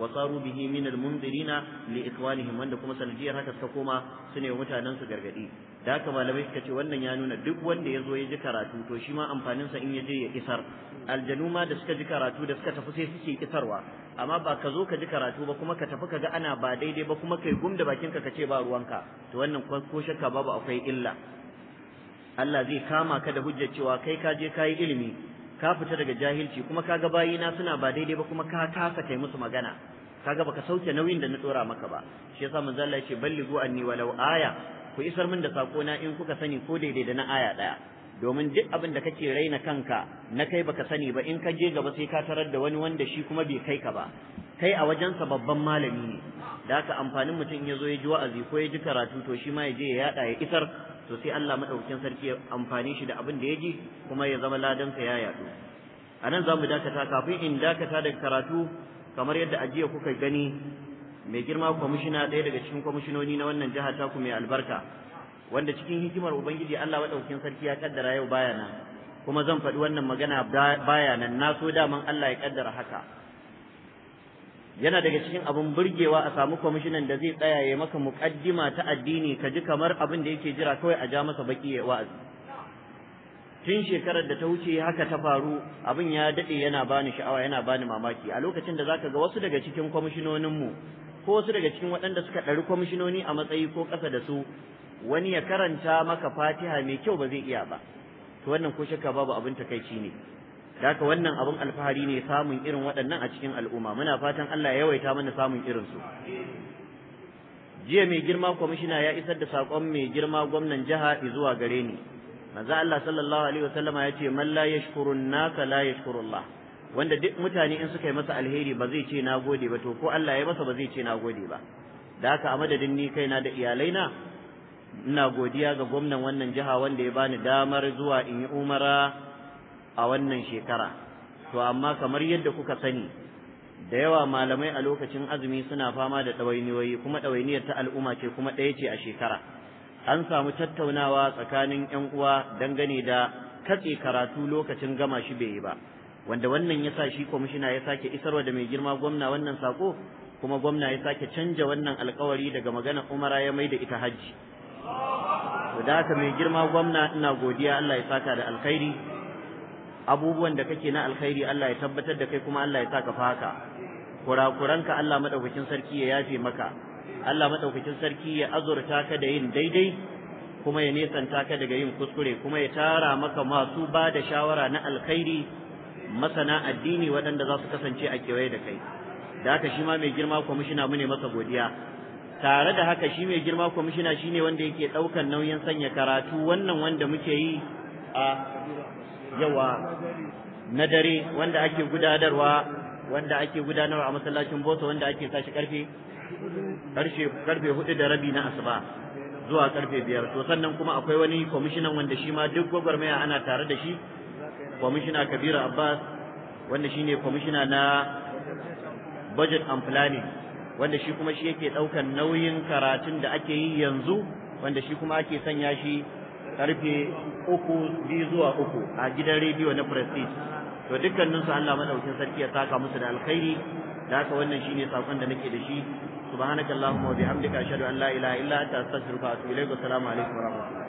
wa saru bihi min munzirina li ikwanihim wanda kuma sanadiyar haka suka koma su ne mutanen su gargadi da haka malamai suka ce wannan ya nuna duk wanda ya zo ya ji karatu to shi ma amfaninsa in ya je ya isar aljanu ma da suka ji karatu da suka tafi sai suke isarwa amma ba ka zo ka ji karatu ba kuma ka tafi ka ga ana ba daidai ba kuma kai gum da bakinka ka ce ba ruwanka to wannan ko ka babu akwai illa Allah zai kama ka da hujjar cewa kai ka je ka yi ilimi ka fita daga jahilci kuma ka ga bayina suna ba daidai ba kuma ka kasa kai musu magana kaga baka sauke nauyin da na tsora maka ba shi yasa manzo Allah ya ce balligu anni walau aya ku isar min da sako na in kuka sani ko daidai da na aya ɗaya, domin duk abin da kake raina kanka na kai baka sani ba in ka je gaba sai ka tarar da wani wanda shi kuma bai kai ka ba kai a wajensa babban malami ne da haka amfanin mutum ya zo ya ji wa'azi ko ya ji karatu to shi ma ya je ya yaɗa ya isar to sai Allah madaukakin sarki ya amfane shi da abin da ya ji kuma ya zama ladansa ya yaɗu a nan za mu dakata kafin in dakata da karatu kamar yadda ajiya kuka gani mai girma kwamishina ɗaya daga cikin kwamishinoni na wannan jihar ta mai albarka wanda cikin hikimar ubangiji Allah madaukakin sarki ya kaddara yau baya kuma zan faɗi wannan magana baya nan na so daman Allah ya kaddara haka yana daga cikin abin burgewa a samu kwamishinan da zai tsaya ya maka muƙaddima ta addini ka ji kamar abin da yake jira kawai a ja masa baki ya wa'azi tun shekarar da ta wuce haka ta faru abin ya daɗe yana bani sha'awa yana bani mamaki a lokacin da zaka ga wasu daga cikin kwamishinoninmu ko wasu daga cikin waɗanda suka ɗari kwamishinoni a matsayi ko ƙasa da su wani ya karanta maka fatiha mai kyau ba zai iya ba to wannan ko shakka babu abin takaici ne haka wannan abin alfahari ne samun irin waɗannan a cikin al'umma muna fatan Allah ya yawaita mana samun irin su jiya mai girma kwamishina ya isar da saƙon mai girma gwamnan jiha zuwa gare ni manzo Allah sallallahu alaihi wasallama ya ce man la yashkurun nasa la yashkurullah wanda duk mutane in suka yi masa alheri ba zai ce na gode ba to ko Allah ya masa ba zai ce na gode ba da haka a madadin ni kaina da iyalaina ina godiya ga gwamnan wannan jiha wanda ya bani damar zuwa in yi umara a wannan shekara to amma kamar yadda kuka sani da yawa malamai a lokacin azumi suna fama da ɗawainiyoyi kuma ɗawainiyar ta al'umma ce kuma ɗaya ce a shekara an samu tattaunawa tsakanin 'yan uwa dangane da katse karatu lokacin gama shi bai yi ba wanda wannan ya sa shi kwamishina ya sake isarwa da mai girma gwamna wannan sako kuma gwamna ya sake canja wannan alkawari daga magana umara ya mai da ita hajji to da haka mai girma gwamna ina godiya Allah ya saka da alkhairi abubuwan da kake na alkhairi Allah ya tabbatar da kai kuma Allah ya saka fa haka kurakuranka Allah madaukakin sarki ya yafe maka Allah madaukakin sarki ya azurta ka da yin daidai kuma ya nesanta ka daga yin kuskure kuma ya tara maka masu ba da shawara na alkhairi masana addini waɗanda za su kasance a kewaye da kai da haka shi ma mai girma kwamishina mu ne masa godiya tare da haka shi mai girma kwamishina shi ne wanda yake ɗaukan nauyin sanya karatu wannan wanda muke yi a yawa na dare wanda ake gudanarwa wanda ake gudanarwa a masallacin bosa wanda ake sashi karfe karfe karfe hudu da rabi na asuba zuwa karfe biyar to sannan kuma akwai wani kwamishinan wanda shi ma duk gwagwarmaya ana tare da shi kwamishina kabir abbas wanda shine kwamishina na budget and planning wanda shi kuma shi yake ɗaukan nauyin karatun da ake yi yanzu wanda shi kuma ake sanya shi karfe uku biyu zuwa uku a gidan rediyo na prestige to dukkaninsu allah maɗaukin sarki ya saka musu da alkhairi da haka wannan shine sakon da nake da shi subhanakallahumma wa bihamdika ashhadu an la ilaha illa anta astaghfiruka wa atubu ilaik wa assalamu alaikum wa rahmatullahi